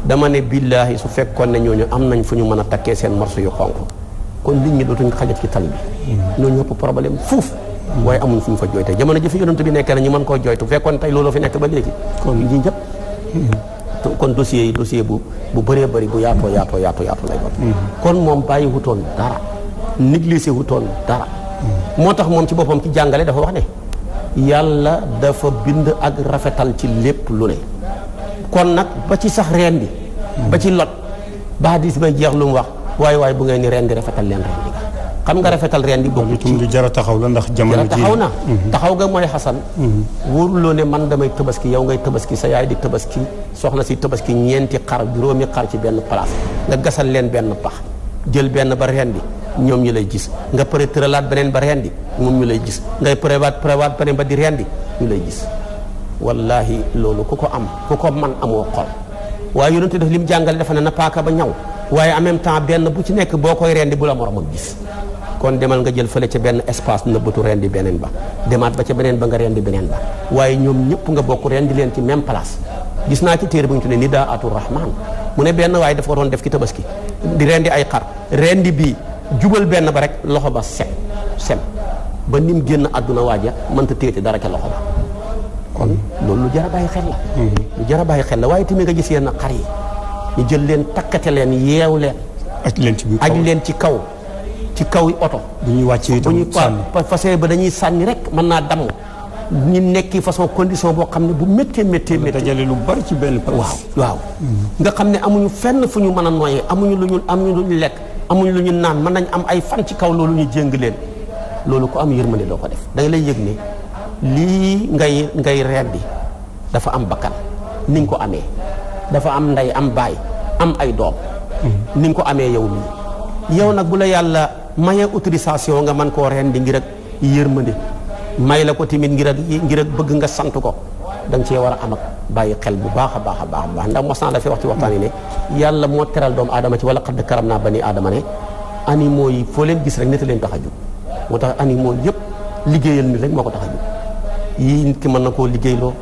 S2: dama ne billaahi su fekkoon ne ñooñu am nañ fu ñu mën a takkee seen morso yu xonq kon nit ñi dootuñ xajat ci tali bi ñooñu ëpp problème fuuf waaye amuñ fu ñu fa jooyte jamono ji fi bi nekk na ñu mën jooytu fekkoon tey looloo nekk ba léegi kon ñi ñëpp kon dossier yi dossier bu bu bëree bëri bu yaatoo yaatoo yaatoo yaatoo lay hmm. kon moom bàyyi wutoon dara négligé wu toon dara hmm. moo tax moom ci boppam ci jàngale dafa wax ne yàlla dafa bind ak rafetal ci lépp lu ne kon nag ba ci sax reen bi ba ci lot ba di bay jeex lu mu wax waaye waaye bu ngeen ni reen di rafetal leen reen bi xam nga rafetal reen di bokk ci jara taxaw la ndax jamono ji taxaw na hmm. taxaw nga mooy xasan hmm. wóoruloo ne man damay tabaski yow ngay tabaski sa yaay di tabaski soxna si tabaski ñeenti xar juróomi xar ci benn place nga gasal leen benn pax jël benn ba bi ñoom ñu lay gis nga pare tëralaat beneen ba rendi moom ñu lay gis ngay préwaat préwaat beneen ba di rendi ñu lay gis wallahi loolu ku ko am ku ko man amoo xol waaye yonente def li mu jàngale dafa ne na paaka ba ñaw waaye en même temps benn bu ci nekk boo koy rendi bu la moromam gis kon demal nga jël fële ca benn espace nëbbatu rendi beneen ba demaat ba ca beneen ba nga rendi beneen ba waaye ñoom ñëpp nga bokk rendi leen ci même place gis naa ci téere bu ñu tuddee Nidaa'atu Rahmaan mu ne benn waaye dafa doon def ki tabaski di rendi ay xar rendi bii jubal benn ba rek loxo ba set set ba mu génn àdduna waaja mënta téete dara ca loxo ba kon loolu lu jar a bàyyi xel la lu jar bàyyi xel la waaye tamit nga gis yenn xar yi ñu jël leen takkate leen yeew leen aj leen ci aj leen ci kaw ci kaw yi oto bu ñuy wàccee itam bu ñuy fase ba dañuy sànni rek mën naa damm nekki façon condition boo xam ne bu méttee méttee méttee dajale lu bari ci benn waaw waaw mhm. nga xam ne amuñu fenn fu ñu mën a noyee amuñu lu ñu amuñu lu ñu lekk amuñ lu ñu naan mën nañ am ay fan ci kaw loolu ñu jéng leen loolu ko am yërmande doo ko def da nga lay yëg ne lii ngay ngay rendi dafa am bakkan ni ko amee dafa am ndey am baay am ay doom ni ko amee yow mii yow nag bu la yàlla mayee autorisation nga mën koo rendi ngir ak yërmande may la ko tamit ngir ak ngir ak bëgg nga sant ko danga nga cee war a am ak bàyyi xel bu baax a baax a baax baax ndax mos a la wax ci waxtaan yi ne yàlla moo teral doomu aadama ci wala xadd karam naa bani aadama ne animaux yi foo leen gis rek nit a leen tax a jóg moo tax animaux yëpp liggéeyal nit rek moo ko tax a jóg yii nit ki mën na koo liggéeyloo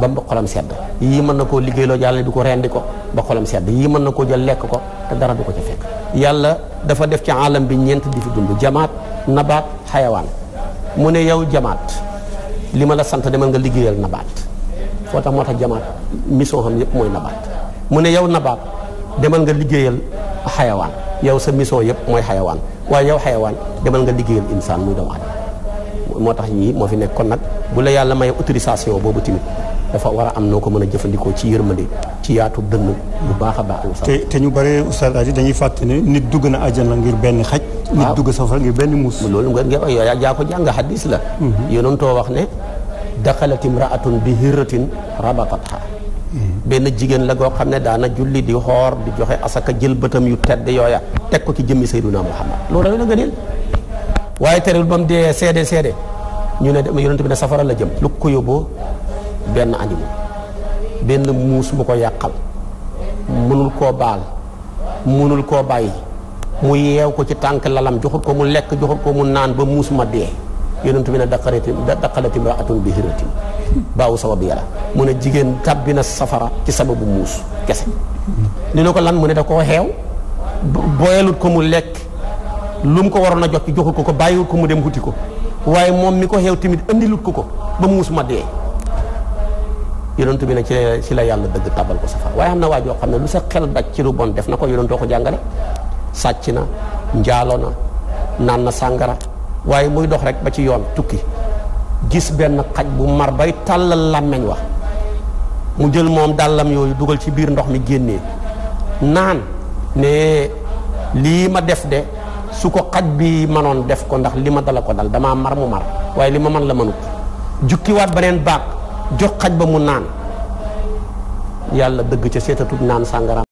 S2: ba ba xolam sedd yii mën na koo liggéeyloo yàlla di ko rendi ko ba xolam sedd yii mën na koo jël lekk ko te dara du ko ca fekk yàlla dafa def ci alam bi ñeent di fi dund jamaat nabaat xayawaan mu ne yow jamaat li ma la sant demal nga liggéeyal nabaat foo tax moo tax jamaat mission xam yëpp mooy nabaat mu ne yow nabaat demal nga liggéeyal xayawaan yow sa mission yëpp mooy xayawaan waaye yow xayawaan demal nga liggéeyal insaan muy doomu moo tax ñii moo fi nekk kon nag bu la yàlla may autorisation boobu tamit dafa war a am noo ko mën a jëfandikoo ci yërmande ci yaatu dënn bu baax a baax. te te ñu
S1: bare oustaz aji dañuy fàtte ni nit dugg na àjjana ngir benn xaj. nit dugg safara ngir benn muus. loolu
S2: nga yaa ko jàng xadis la. Mhm. yéen a wax ne. daxalat imraatun bi hirratin rabatatha benn jigéen la goo xam ne daana julli di xoor di joxe asaka jël bëtam yu tedd yooya teg ko ci jëmmi sayduna muhammad loolu rek la nga neel waaye terewul ba mu dee seede seede ñu ne yonent bi ne safara la jëm lu ko yóbboo benn animal benn muus mu ko yàqal mënul koo baal mënul koo bàyyi mu yeew ko ci tànk lalam joxut ko mu lekk joxut ko mu naan ba muus ma dee yonent bi na daqalati daqalati imraatun bi hiratin baawu sabab yàlla mu ne jigéen tàbbi na safara ci sababu muus kese ni ne ko lan mu ne daf koo xeew booyelut ko mu lekk lu mu ko waroon a jox ci joxul ko ko bàyyiwut ko mu dem wuti ko waaye moom mi ko xeew tamit andilut ko ko ba muus ma dee yonent bi ne ci la la yàlla dëgg tàbbal ko safara waaye xam na waa joo xam ne lu sa xel daj ci lu bon def na ko yonentoo ko jàngale sàcc na njaalo na naan na sàngara waaye muy dox rek ba ci yoon tukki gis benn xaj bu mar bay tàllal làmmeñ wa mu jël moom dàllam yooyu dugal ci biir ndox mi génnee naan ne lii ma def de su ko xaj bi noon def ko ndax li ma dala ko dal damaa mar mu mar waaye li ma man la mënut jukkiwaat beneen baag jox xaj ba mu naan yàlla dëgg ca seetatut naan sàngara